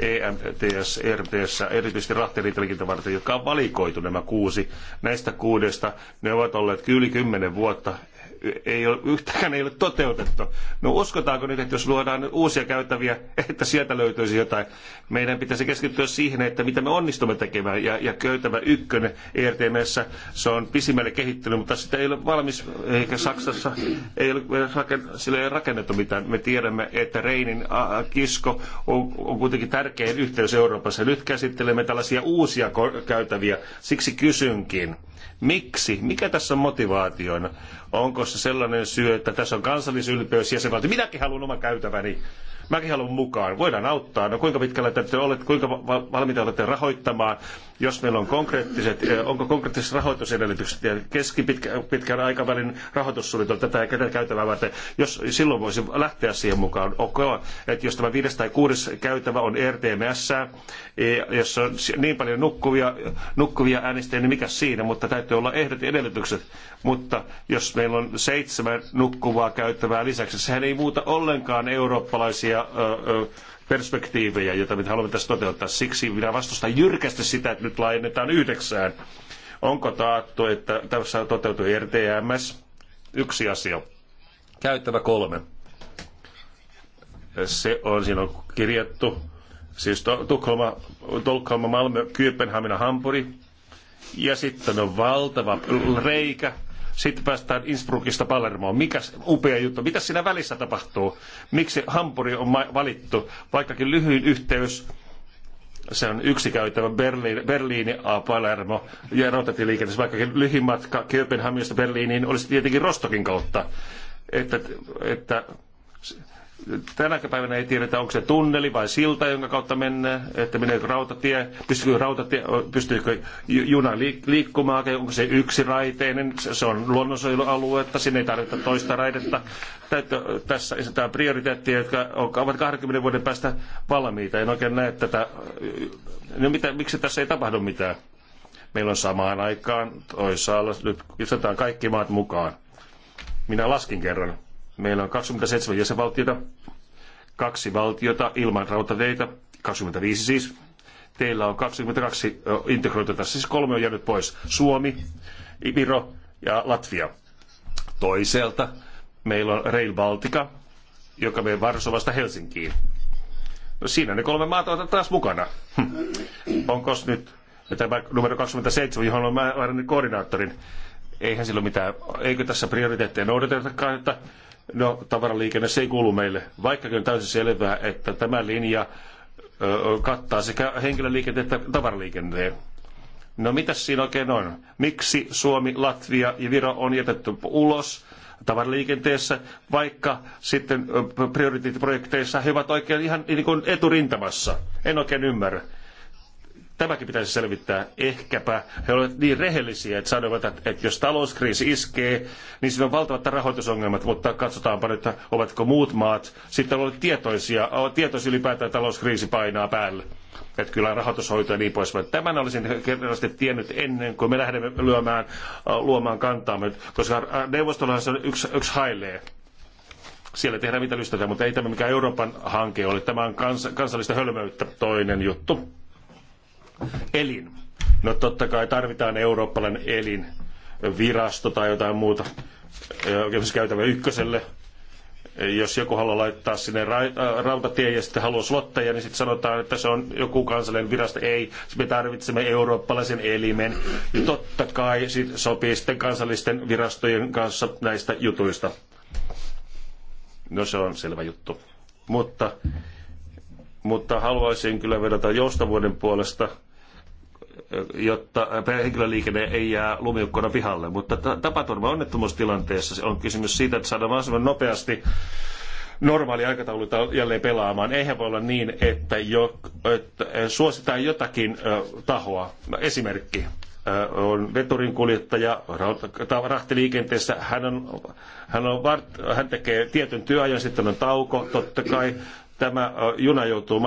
EMTS, ERTS, erityisesti rahtiritelkintä varten, jotka on valikoitu nämä kuusi. Näistä kuudesta ne ovat olleet yli kymmenen vuotta ei ole, yhtäkään ei ole toteutettu. No uskotaanko nyt, että jos luodaan uusia käytäviä, että sieltä löytyisi jotain? Meidän pitäisi keskittyä siihen, että mitä me onnistumme tekemään. Ja, ja köytävä ykkönen ERTMssä, se on pisimmälle kehittynyt, mutta sitä ei ole valmis, eikä Saksassa, ei ole, sillä ei ole rakennettu mitään. Me tiedämme, että Reinin kisko on, on kuitenkin tärkein yhteys Euroopassa. Nyt käsittelemme tällaisia uusia käytäviä, siksi kysynkin Miksi? Mikä tässä on motivaationa? Onko se sellainen syy, että tässä on kansallisylpeys jäsenvaltio? Minäkin haluan oma käytäväni. Mäkin haluan mukaan. Voidaan auttaa. No kuinka pitkällä te olette, kuinka valmiita olette rahoittamaan? jos meillä on konkreettiset, eh, onko konkreettiset rahoitusedellytykset ja keskipitkän aikavälin rahoitussuunnitelma tätä ja käytävää varten, jos silloin voisi lähteä siihen mukaan. Okay, että jos tämä viides tai kuudes käytävä on e RTMS, eh, jossa on niin paljon nukkuvia, nukkuvia äänestäjiä, niin mikä siinä, mutta täytyy olla ehdot ja edellytykset. Mutta jos meillä on seitsemän nukkuvaa käyttävää lisäksi, sehän ei muuta ollenkaan eurooppalaisia ö, ö, perspektiivejä, joita me haluamme tässä toteuttaa. Siksi minä vastustan jyrkästi sitä, että nyt laajennetaan yhdeksään. Onko taattu, että tässä toteutuu RTMS? Yksi asia. Käyttävä kolme. Se on, siinä on kirjattu. Siis Tukholma, Tukholma Malmö, Kööpenhamina, Hampuri. Ja sitten on valtava reikä, sitten päästään Innsbruckista Palermoon. Mikä upea juttu. Mitä siinä välissä tapahtuu? Miksi Hampuri on valittu? Vaikkakin lyhyin yhteys se on yksi käytävä Berliini, Berliini a Palermo ja rautatieliikenteessä, vaikkakin lyhin matka Kööpenhaminasta Berliiniin olisi tietenkin Rostokin kautta. Että, että tänä päivänä ei tiedetä, onko se tunneli vai silta, jonka kautta mennään, että meneekö rautatie, pystyykö, rautatie, pystyykö juna liikkumaan, onko se yksiraiteinen, se on luonnonsuojelualuetta, sinne ei tarvita toista raidetta. tässä esitetään prioriteetteja, jotka ovat 20 vuoden päästä valmiita. En oikein näe tätä, no mitä, miksi tässä ei tapahdu mitään? Meillä on samaan aikaan toisaalla, nyt kaikki maat mukaan. Minä laskin kerran Meillä on 27 jäsenvaltiota, kaksi valtiota ilman rautateitä, 25 siis. Teillä on 22 integroituta, siis kolme on jäänyt pois. Suomi, Ibiro ja Latvia. Toiselta meillä on Rail Baltica, joka menee Varsovasta Helsinkiin. No siinä ne kolme maata ovat taas mukana. Hm. Onko nyt tämä numero 27, johon on määrännyt koordinaattorin? Eihän sillä mitään, eikö tässä prioriteetteja noudatetakaan, että No, tavaraliikenne se ei kuulu meille, vaikkakin on täysin selvää, että tämä linja kattaa sekä henkilöliikenteen että tavaraliikenteen. No mitäs siinä oikein on? Miksi Suomi, Latvia ja Viro on jätetty ulos tavaraliikenteessä, vaikka sitten prioriteettiprojekteissa he ovat oikein ihan niin kuin eturintamassa? En oikein ymmärrä. Tämäkin pitäisi selvittää. Ehkäpä he ovat niin rehellisiä, että sanovat, että jos talouskriisi iskee, niin siinä on valtavat rahoitusongelmat, mutta katsotaanpa nyt, ovatko muut maat sitten olleet tietoisia, tietoisia ylipäätään että talouskriisi painaa päälle. Että kyllä rahoitushoito ja niin poispäin. Tämän olisin kerrallisesti tiennyt ennen kuin me lähdemme lyömään, äh, luomaan kantaamme, koska neuvostolla on yksi, yksi hailee siellä tehdään mitä lystetään, mutta ei tämä mikään Euroopan hanke ole. Tämä on kans, kansallista hölmöyttä toinen juttu elin. No totta kai tarvitaan eurooppalainen elin, virasto tai jotain muuta, esimerkiksi käytävä ykköselle, jos joku haluaa laittaa sinne rautatie ja sitten haluaa slotteja, niin sitten sanotaan, että se on joku kansallinen virasto. Ei, me tarvitsemme eurooppalaisen elimen. Ja totta kai sit sopii sitten kansallisten virastojen kanssa näistä jutuista. No se on selvä juttu. Mutta, mutta haluaisin kyllä vedota joustavuuden puolesta – jotta henkilöliikenne ei jää lumiukkona pihalle. Mutta tapaturma onnettomuustilanteessa on kysymys siitä, että saadaan mahdollisimman nopeasti normaali aikataulu jälleen pelaamaan. Eihän voi olla niin, että, jo, että suositaan jotakin tahoa. Esimerkki on veturin kuljettaja rahtiliikenteessä. Hän, on, hän, on, hän tekee tietyn työajan, sitten on tauko totta kai tämä juna joutuu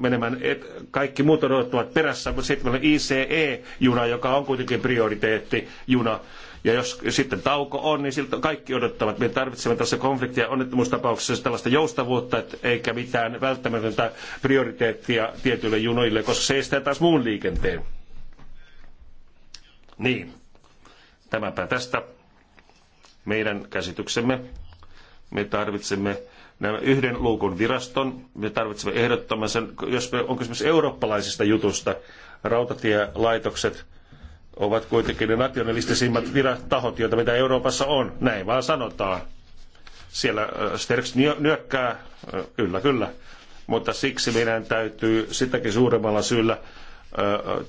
menemään, et, kaikki muut odottavat perässä, mutta sitten meillä on ICE-juna, joka on kuitenkin prioriteetti-juna, Ja jos sitten tauko on, niin siltä kaikki odottavat. Me tarvitsemme tässä konfliktia ja onnettomuustapauksessa tällaista joustavuutta, et, eikä mitään välttämätöntä prioriteettia tietyille junoille, koska se estää taas muun liikenteen. Niin, tämäpä tästä meidän käsityksemme. Me tarvitsemme nämä yhden luukun viraston. Me tarvitsemme ehdottamaan sen, jos me, on kysymys eurooppalaisista jutusta. Rautatielaitokset ovat kuitenkin ne nationalistisimmat tahot, joita mitä Euroopassa on. Näin vaan sanotaan. Siellä äh, Sterks nyökkää, äh, kyllä, kyllä. Mutta siksi meidän täytyy sitäkin suuremmalla syyllä äh,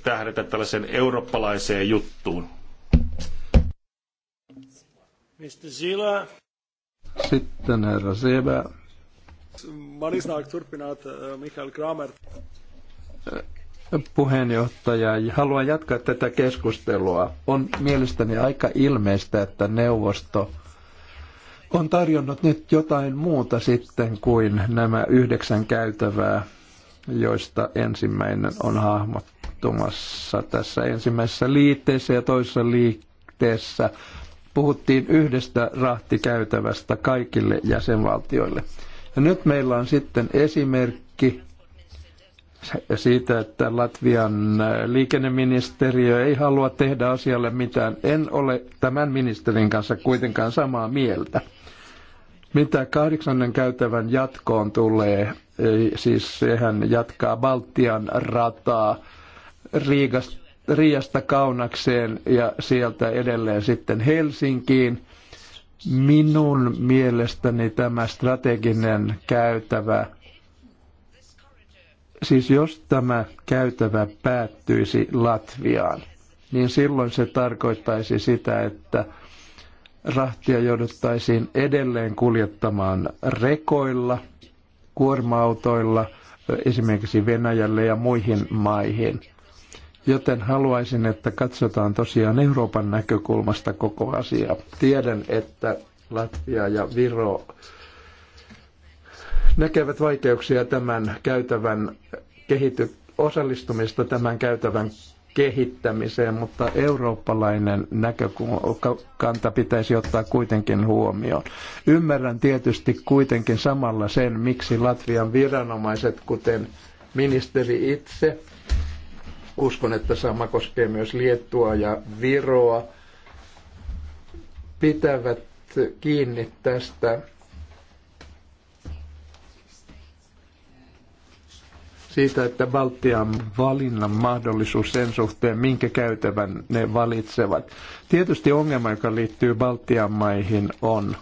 tähdätä tällaiseen eurooppalaiseen juttuun. Mr. Zila. Sitten herra Sebä. Marisna Turpinat, eh, Mikael Kramer. Eh, puheenjohtaja, haluan jatkaa tätä keskustelua. On mielestäni aika ilmeistä, että neuvosto on tarjonnut nyt jotain muuta sitten kuin nämä yhdeksän käytävää, joista ensimmäinen on hahmottumassa tässä ensimmäisessä liitteessä ja toisessa liitteessä puhuttiin yhdestä rahtikäytävästä kaikille jäsenvaltioille. Ja nyt meillä on sitten esimerkki siitä, että Latvian liikenneministeriö ei halua tehdä asialle mitään. En ole tämän ministerin kanssa kuitenkaan samaa mieltä. Mitä kahdeksannen käytävän jatkoon tulee, siis sehän jatkaa Baltian rataa Riigasta Riasta Kaunakseen ja sieltä edelleen sitten Helsinkiin. Minun mielestäni tämä strateginen käytävä, siis jos tämä käytävä päättyisi Latviaan, niin silloin se tarkoittaisi sitä, että rahtia jouduttaisiin edelleen kuljettamaan rekoilla, kuorma-autoilla, esimerkiksi Venäjälle ja muihin maihin – Joten haluaisin, että katsotaan tosiaan Euroopan näkökulmasta koko asiaa. Tiedän, että Latvia ja Viro näkevät vaikeuksia tämän käytävän kehity- osallistumista tämän käytävän kehittämiseen, mutta eurooppalainen näkökanta pitäisi ottaa kuitenkin huomioon. Ymmärrän tietysti kuitenkin samalla sen, miksi Latvian viranomaiset, kuten ministeri itse, Uskon, että sama koskee myös Liettua ja Viroa. Pitävät kiinni tästä siitä, että Baltian valinnan mahdollisuus sen suhteen, minkä käytävän ne valitsevat. Tietysti ongelma, joka liittyy Baltian maihin, on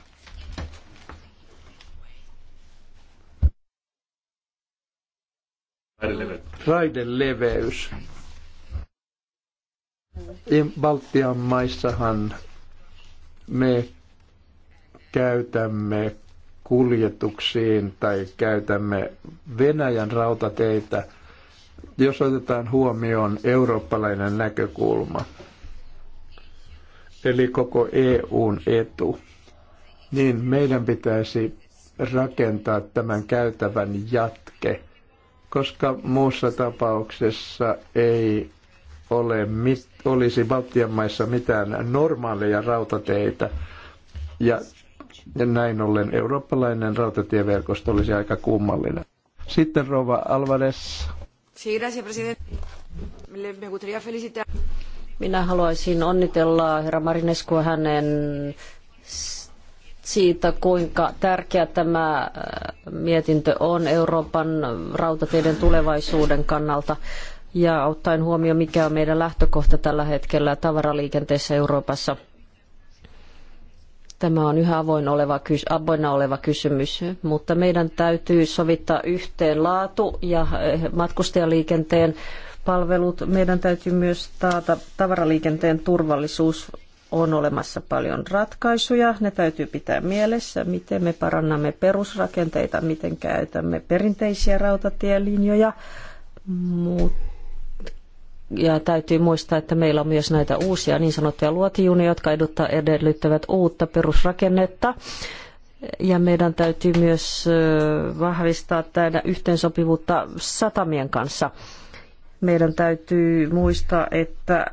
raideleveys. Baltian maissahan me käytämme kuljetuksiin tai käytämme Venäjän rautateitä, jos otetaan huomioon eurooppalainen näkökulma, eli koko EUn etu, niin meidän pitäisi rakentaa tämän käytävän jatke, koska muussa tapauksessa ei ole mitään olisi Baltian maissa mitään normaaleja rautateitä. Ja näin ollen eurooppalainen rautatieverkosto olisi aika kummallinen. Sitten Rova Alvarez. Minä haluaisin onnitella herra Marinescu hänen siitä, kuinka tärkeä tämä äh, mietintö on Euroopan rautateiden tulevaisuuden kannalta ja ottaen huomioon, mikä on meidän lähtökohta tällä hetkellä tavaraliikenteessä Euroopassa. Tämä on yhä avoin oleva, avoinna oleva kysymys, mutta meidän täytyy sovittaa yhteen laatu ja eh, matkustajaliikenteen palvelut. Meidän täytyy myös taata tavaraliikenteen turvallisuus on olemassa paljon ratkaisuja. Ne täytyy pitää mielessä, miten me parannamme perusrakenteita, miten käytämme perinteisiä rautatielinjoja, mutta ja täytyy muistaa, että meillä on myös näitä uusia niin sanottuja luotijunia, jotka edellyttävät uutta perusrakennetta. Ja meidän täytyy myös vahvistaa täällä yhteensopivuutta satamien kanssa. Meidän täytyy muistaa, että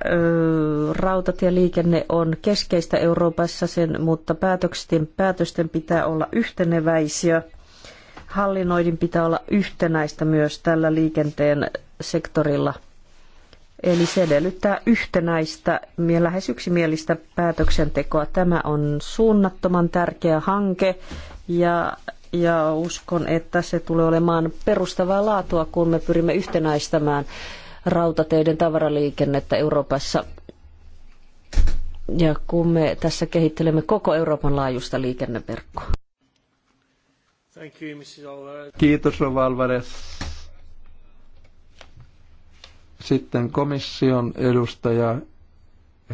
rautatieliikenne on keskeistä Euroopassa, sen, mutta päätösten, päätösten pitää olla yhteneväisiä. Hallinnoidin pitää olla yhtenäistä myös tällä liikenteen sektorilla – Eli se edellyttää yhtenäistä lähes yksimielistä päätöksentekoa. Tämä on suunnattoman tärkeä hanke ja, ja uskon, että se tulee olemaan perustavaa laatua, kun me pyrimme yhtenäistämään rautateiden tavaraliikennettä Euroopassa. Ja kun me tässä kehittelemme koko Euroopan laajuista liikenneverkkoa. Kiitos Rova Alvarez. Sitten komission edustaja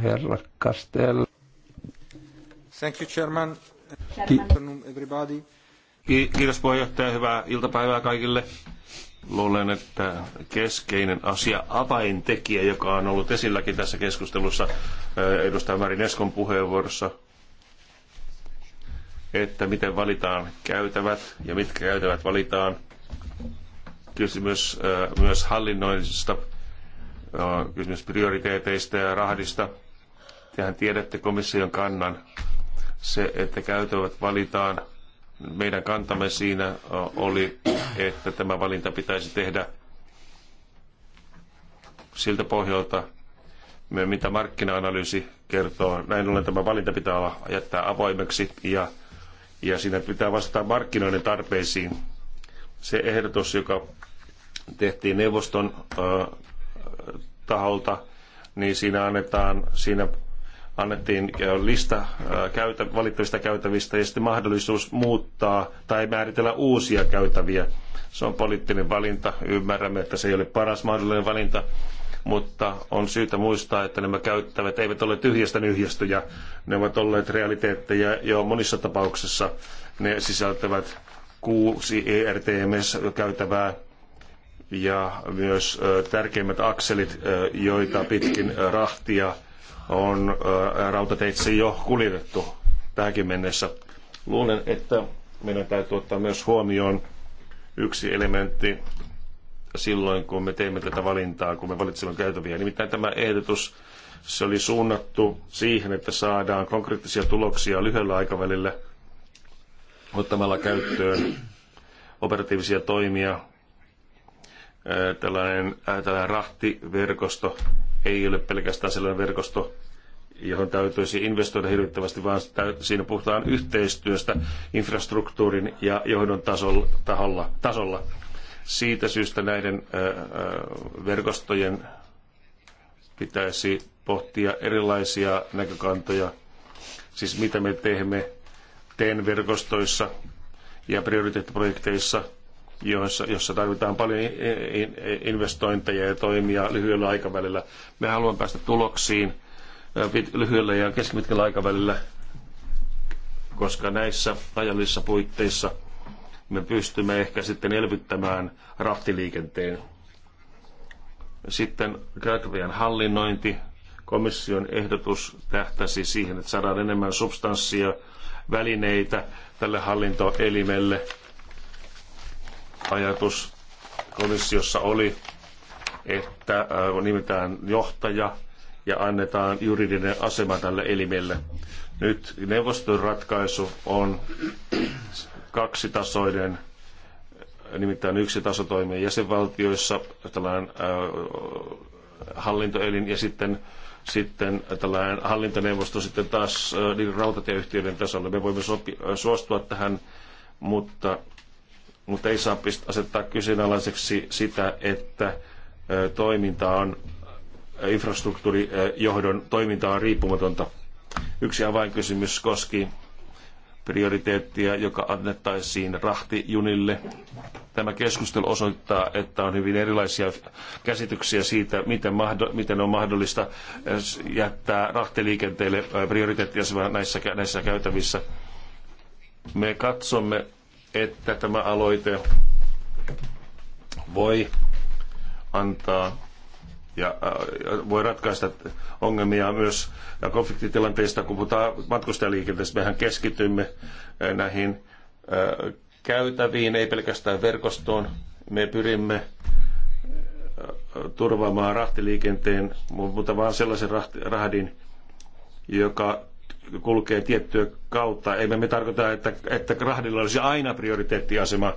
herra Castell. Thank you, Chairman. Ki- everybody. Ki- kiitos puheenjohtaja, hyvää iltapäivää kaikille. Luulen, että keskeinen asia, avaintekijä, joka on ollut esilläkin tässä keskustelussa eh, edustaja Marin Eskon puheenvuorossa, että miten valitaan käytävät ja mitkä käytävät valitaan. Kysymys eh, myös hallinnoinnista on kysymys prioriteeteista ja rahdista. Tehän tiedätte komission kannan. Se, että käytävät valitaan, meidän kantamme siinä oli, että tämä valinta pitäisi tehdä siltä pohjalta, mitä markkina-analyysi kertoo. Näin ollen tämä valinta pitää olla, jättää avoimeksi ja, ja siinä pitää vastata markkinoiden tarpeisiin. Se ehdotus, joka tehtiin neuvoston taholta, niin siinä annetaan, siinä annettiin äh, lista äh, käytä, valittavista käytävistä ja sitten mahdollisuus muuttaa tai määritellä uusia käytäviä. Se on poliittinen valinta. Ymmärrämme, että se ei ole paras mahdollinen valinta, mutta on syytä muistaa, että nämä käyttävät eivät ole tyhjästä nyhjästyjä. Ne ovat olleet realiteetteja jo monissa tapauksissa. Ne sisältävät kuusi ERTMS-käytävää, ja myös tärkeimmät akselit, joita pitkin rahtia on rautateitse jo kuljetettu tähänkin mennessä. Luulen, että meidän täytyy ottaa myös huomioon yksi elementti silloin, kun me teemme tätä valintaa, kun me valitsemme käytäviä. Nimittäin tämä ehdotus, se oli suunnattu siihen, että saadaan konkreettisia tuloksia lyhyellä aikavälillä ottamalla käyttöön operatiivisia toimia tällainen, tällainen rahtiverkosto ei ole pelkästään sellainen verkosto, johon täytyisi investoida hirvittävästi, vaan siinä puhutaan yhteistyöstä infrastruktuurin ja johdon tasolla. Taholla, tasolla. Siitä syystä näiden verkostojen pitäisi pohtia erilaisia näkökantoja, siis mitä me teemme TEN-verkostoissa ja prioriteettiprojekteissa – joissa, jossa tarvitaan paljon investointeja ja toimia lyhyellä aikavälillä. Me haluamme päästä tuloksiin lyhyellä ja keskipitkällä aikavälillä, koska näissä ajallisissa puitteissa me pystymme ehkä sitten elvyttämään rahtiliikenteen. Sitten käytävien hallinnointi. Komission ehdotus tähtäsi siihen, että saadaan enemmän substanssia, välineitä tälle hallintoelimelle – ajatus komissiossa oli, että äh, nimetään johtaja ja annetaan juridinen asema tälle elimelle. Nyt neuvoston ratkaisu on kaksitasoinen, nimittäin yksi taso toimii jäsenvaltioissa, tällainen äh, hallintoelin ja sitten sitten tällainen hallintoneuvosto sitten taas äh, niin rautatieyhtiöiden tasolla. Me voimme sopi, suostua tähän, mutta mutta ei saa asettaa kyseenalaiseksi sitä, että toiminta on, infrastruktuurijohdon toiminta on riippumatonta. Yksi avainkysymys koski prioriteettia, joka annettaisiin rahtijunille. Tämä keskustelu osoittaa, että on hyvin erilaisia käsityksiä siitä, miten, miten on mahdollista jättää rahtiliikenteelle prioriteettia näissä, näissä käytävissä. Me katsomme että tämä aloite voi antaa äh, ja voi ratkaista ongelmia myös konfliktitilanteista, kun puhutaan matkustajaliikenteestä. Mehän keskitymme äh, näihin äh, käytäviin, ei pelkästään verkostoon. Me pyrimme turvaamaan rahtiliikenteen, mutta vaan sellaisen rahdin, joka kulkee tiettyä kautta. Emme me tarkoita, että, että rahdilla olisi aina prioriteettiasema.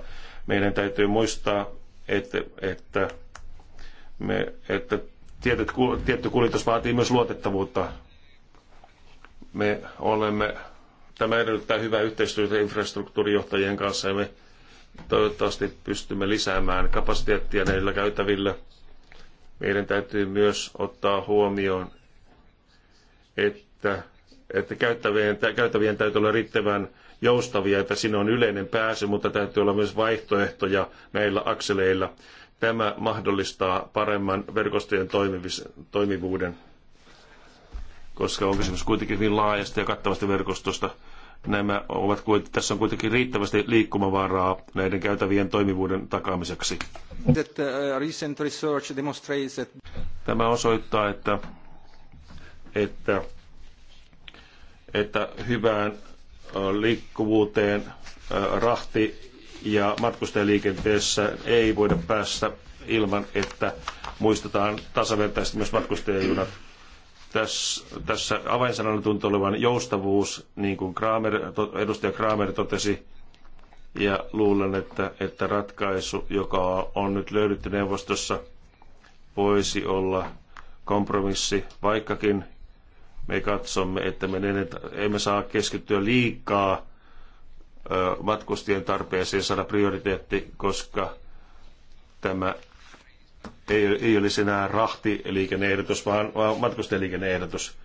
Meidän täytyy muistaa, että, että, me, että tietyt, tietty kuljetus vaatii myös luotettavuutta. Me olemme, tämä edellyttää hyvää yhteistyötä infrastruktuurijohtajien kanssa ja me toivottavasti pystymme lisäämään kapasiteettia näillä käytävillä. Meidän täytyy myös ottaa huomioon, että että käyttävien, käyttävien täytyy olla riittävän joustavia, että siinä on yleinen pääsy, mutta täytyy olla myös vaihtoehtoja näillä akseleilla. Tämä mahdollistaa paremman verkostojen toimivuuden, koska on kysymys kuitenkin hyvin laajasta ja kattavasta verkostosta. Nämä ovat, tässä on kuitenkin riittävästi liikkumavaraa näiden käytävien toimivuuden takaamiseksi. Uh, Tämä osoittaa, että, että että hyvään liikkuvuuteen rahti- ja matkustajaliikenteessä ei voida päästä ilman, että muistetaan tasavertaisesti myös matkustajajunat. Tässä, tässä avainsanana tuntuu olevan joustavuus, niin kuin Kramer, edustaja Kramer totesi, ja luulen, että, että ratkaisu, joka on nyt löydetty neuvostossa, voisi olla kompromissi, vaikkakin me katsomme, että me emme saa keskittyä liikaa matkustien tarpeeseen saada prioriteetti, koska tämä ei, ei olisi enää rahtiliikenneehdotus, vaan, vaan matkustajaliikenneehdotus.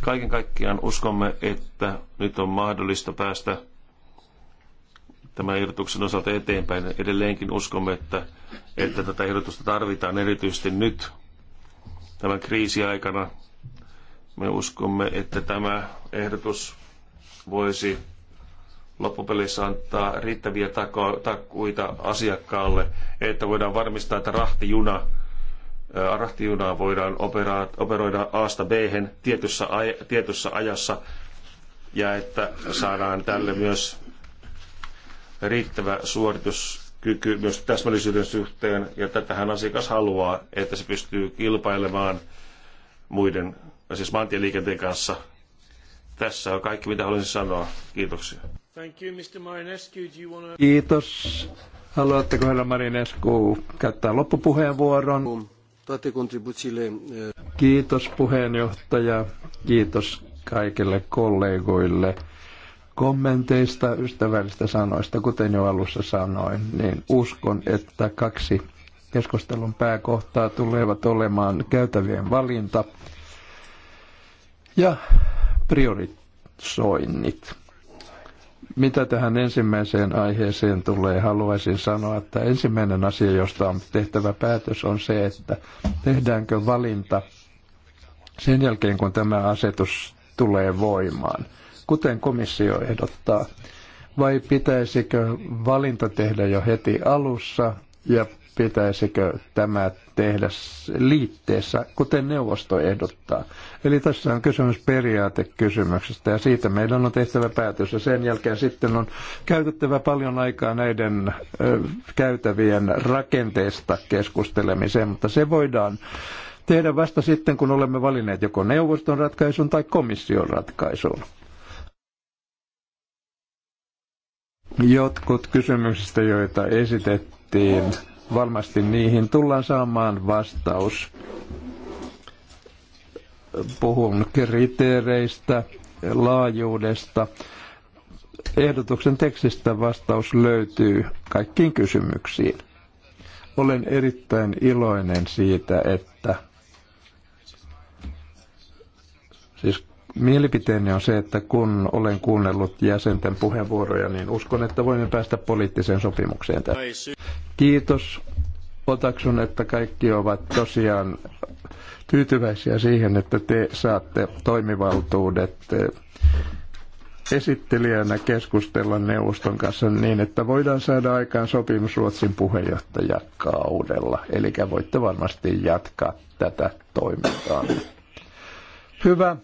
Kaiken kaikkiaan uskomme, että nyt on mahdollista päästä tämän ehdotuksen osalta eteenpäin. Edelleenkin uskomme, että, että tätä ehdotusta tarvitaan erityisesti nyt, tämän kriisiaikana. Me uskomme, että tämä ehdotus voisi loppupelissä antaa riittäviä takuita asiakkaalle, että voidaan varmistaa, että rahtijuna, rahtijunaa voidaan operoida A-sta b tietyssä, aj- tietyssä ajassa ja että saadaan tälle myös riittävä suoritus kyky myös täsmällisyyden suhteen, ja tätähän asiakas haluaa, että se pystyy kilpailemaan muiden, siis maantieliikenteen kanssa. Tässä on kaikki, mitä haluaisin sanoa. Kiitoksia. Thank you, Mr. Marinescu. Do you wanna... Kiitos. Haluatteko, herra Marinescu, käyttää loppupuheenvuoron? Eh, Kiitos puheenjohtaja. Kiitos kaikille kollegoille kommenteista, ystävällistä sanoista, kuten jo alussa sanoin, niin uskon, että kaksi keskustelun pääkohtaa tulevat olemaan käytävien valinta ja priorisoinnit. Mitä tähän ensimmäiseen aiheeseen tulee, haluaisin sanoa, että ensimmäinen asia, josta on tehtävä päätös, on se, että tehdäänkö valinta sen jälkeen, kun tämä asetus tulee voimaan – kuten komissio ehdottaa, vai pitäisikö valinta tehdä jo heti alussa ja pitäisikö tämä tehdä liitteessä, kuten neuvosto ehdottaa. Eli tässä on kysymys periaatekysymyksestä ja siitä meidän on tehtävä päätös ja sen jälkeen sitten on käytettävä paljon aikaa näiden ö, käytävien rakenteesta keskustelemiseen, mutta se voidaan tehdä vasta sitten, kun olemme valinneet joko neuvoston ratkaisun tai komission ratkaisun. Jotkut kysymyksistä, joita esitettiin, varmasti niihin tullaan saamaan vastaus. Puhun kriteereistä, laajuudesta. Ehdotuksen tekstistä vastaus löytyy kaikkiin kysymyksiin. Olen erittäin iloinen siitä, että siis Mielipiteeni on se, että kun olen kuunnellut jäsenten puheenvuoroja, niin uskon, että voimme päästä poliittiseen sopimukseen. Kiitos. Otaksun, että kaikki ovat tosiaan tyytyväisiä siihen, että te saatte toimivaltuudet eh, esittelijänä keskustella neuvoston kanssa niin, että voidaan saada aikaan sopimus Ruotsin puheenjohtajakaudella. Eli voitte varmasti jatkaa tätä toimintaa. Hyvä.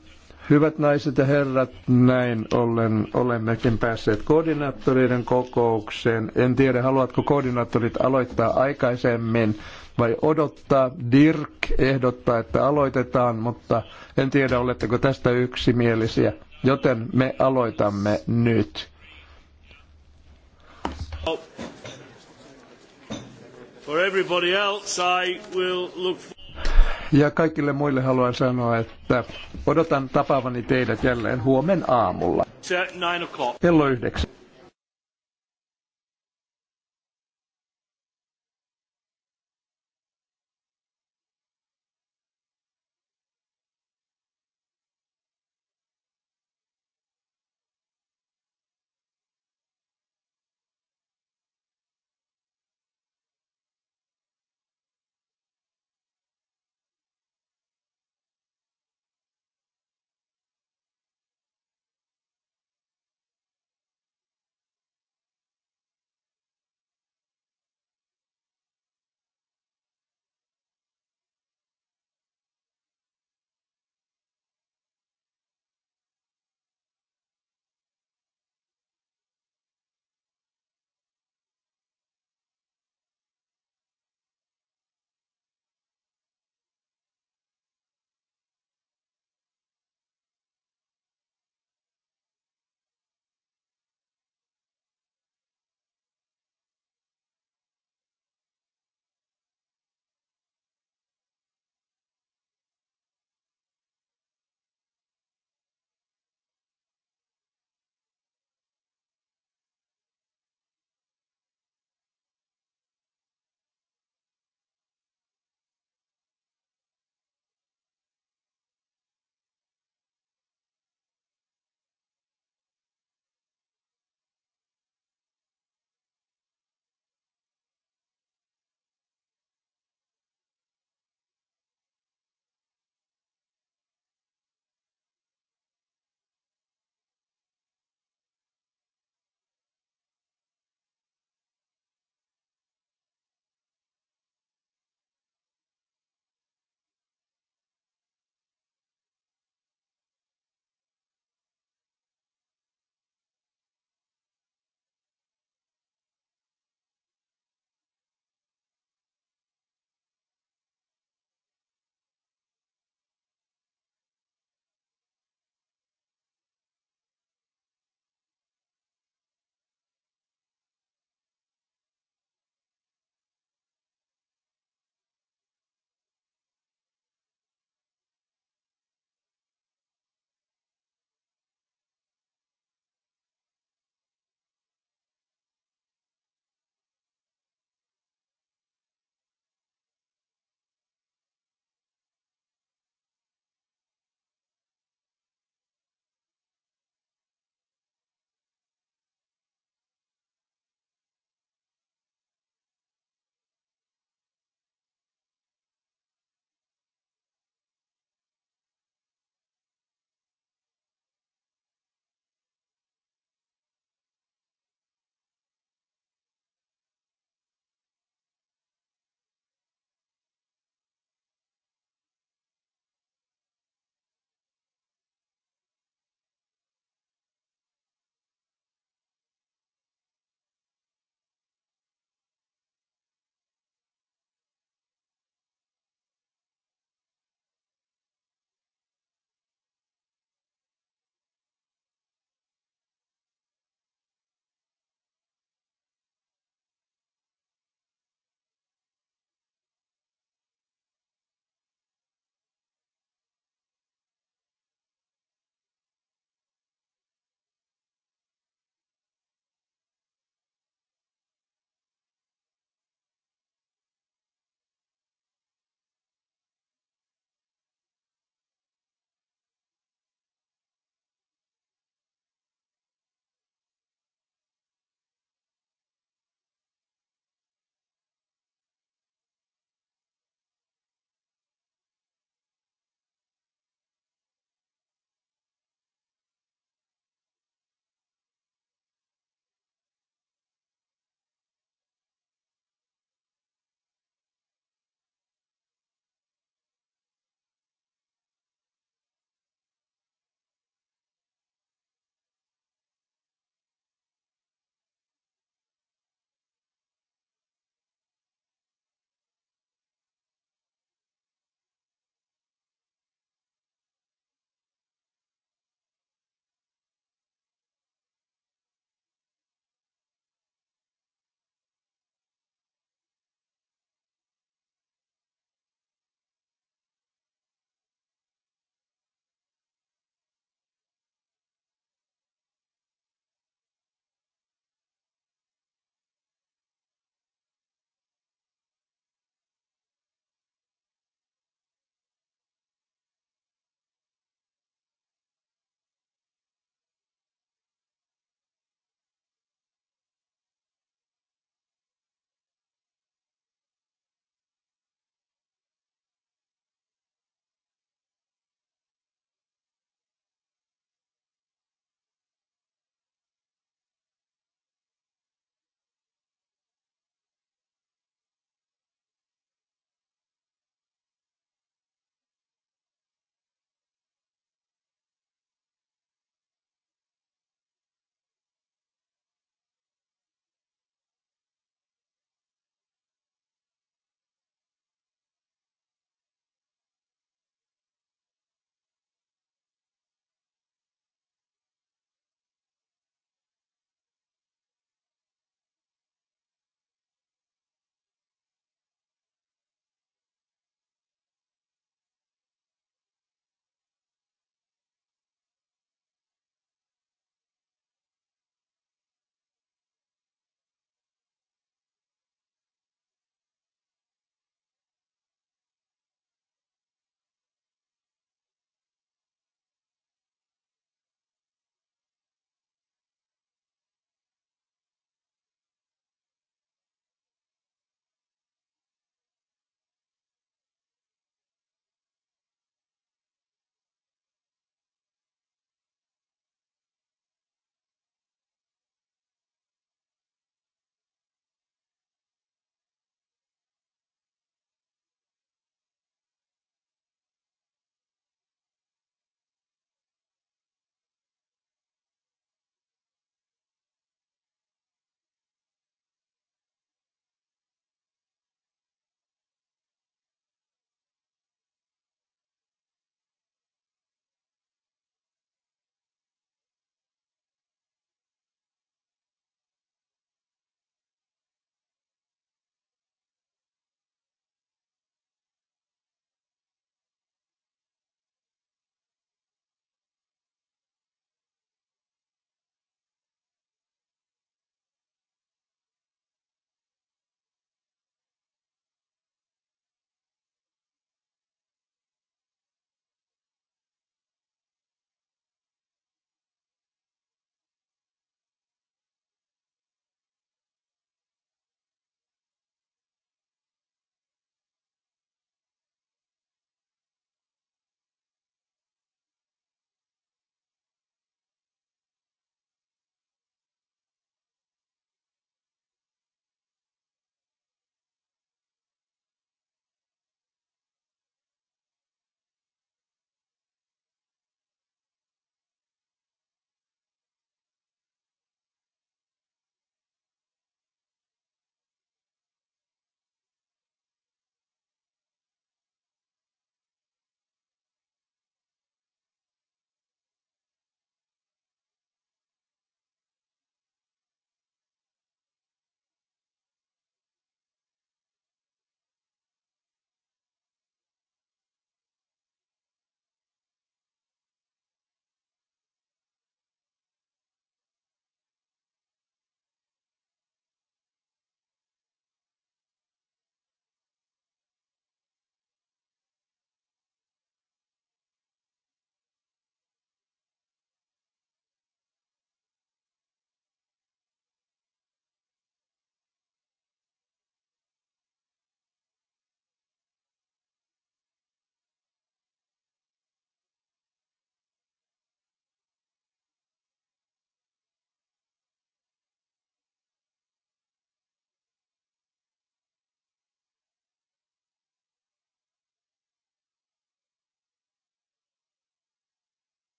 Hyvät naiset ja herrat, näin ollen olemmekin päässeet koordinaattoreiden kokoukseen. En tiedä, haluatko koordinaattorit aloittaa aikaisemmin vai odottaa. Dirk ehdottaa, että aloitetaan, mutta en tiedä, oletteko tästä yksimielisiä. Joten me aloitamme nyt. For everybody else, I will look for... Ja kaikille muille haluan sanoa, että odotan tapaavani teidät jälleen huomen aamulla. Kello yhdeksän.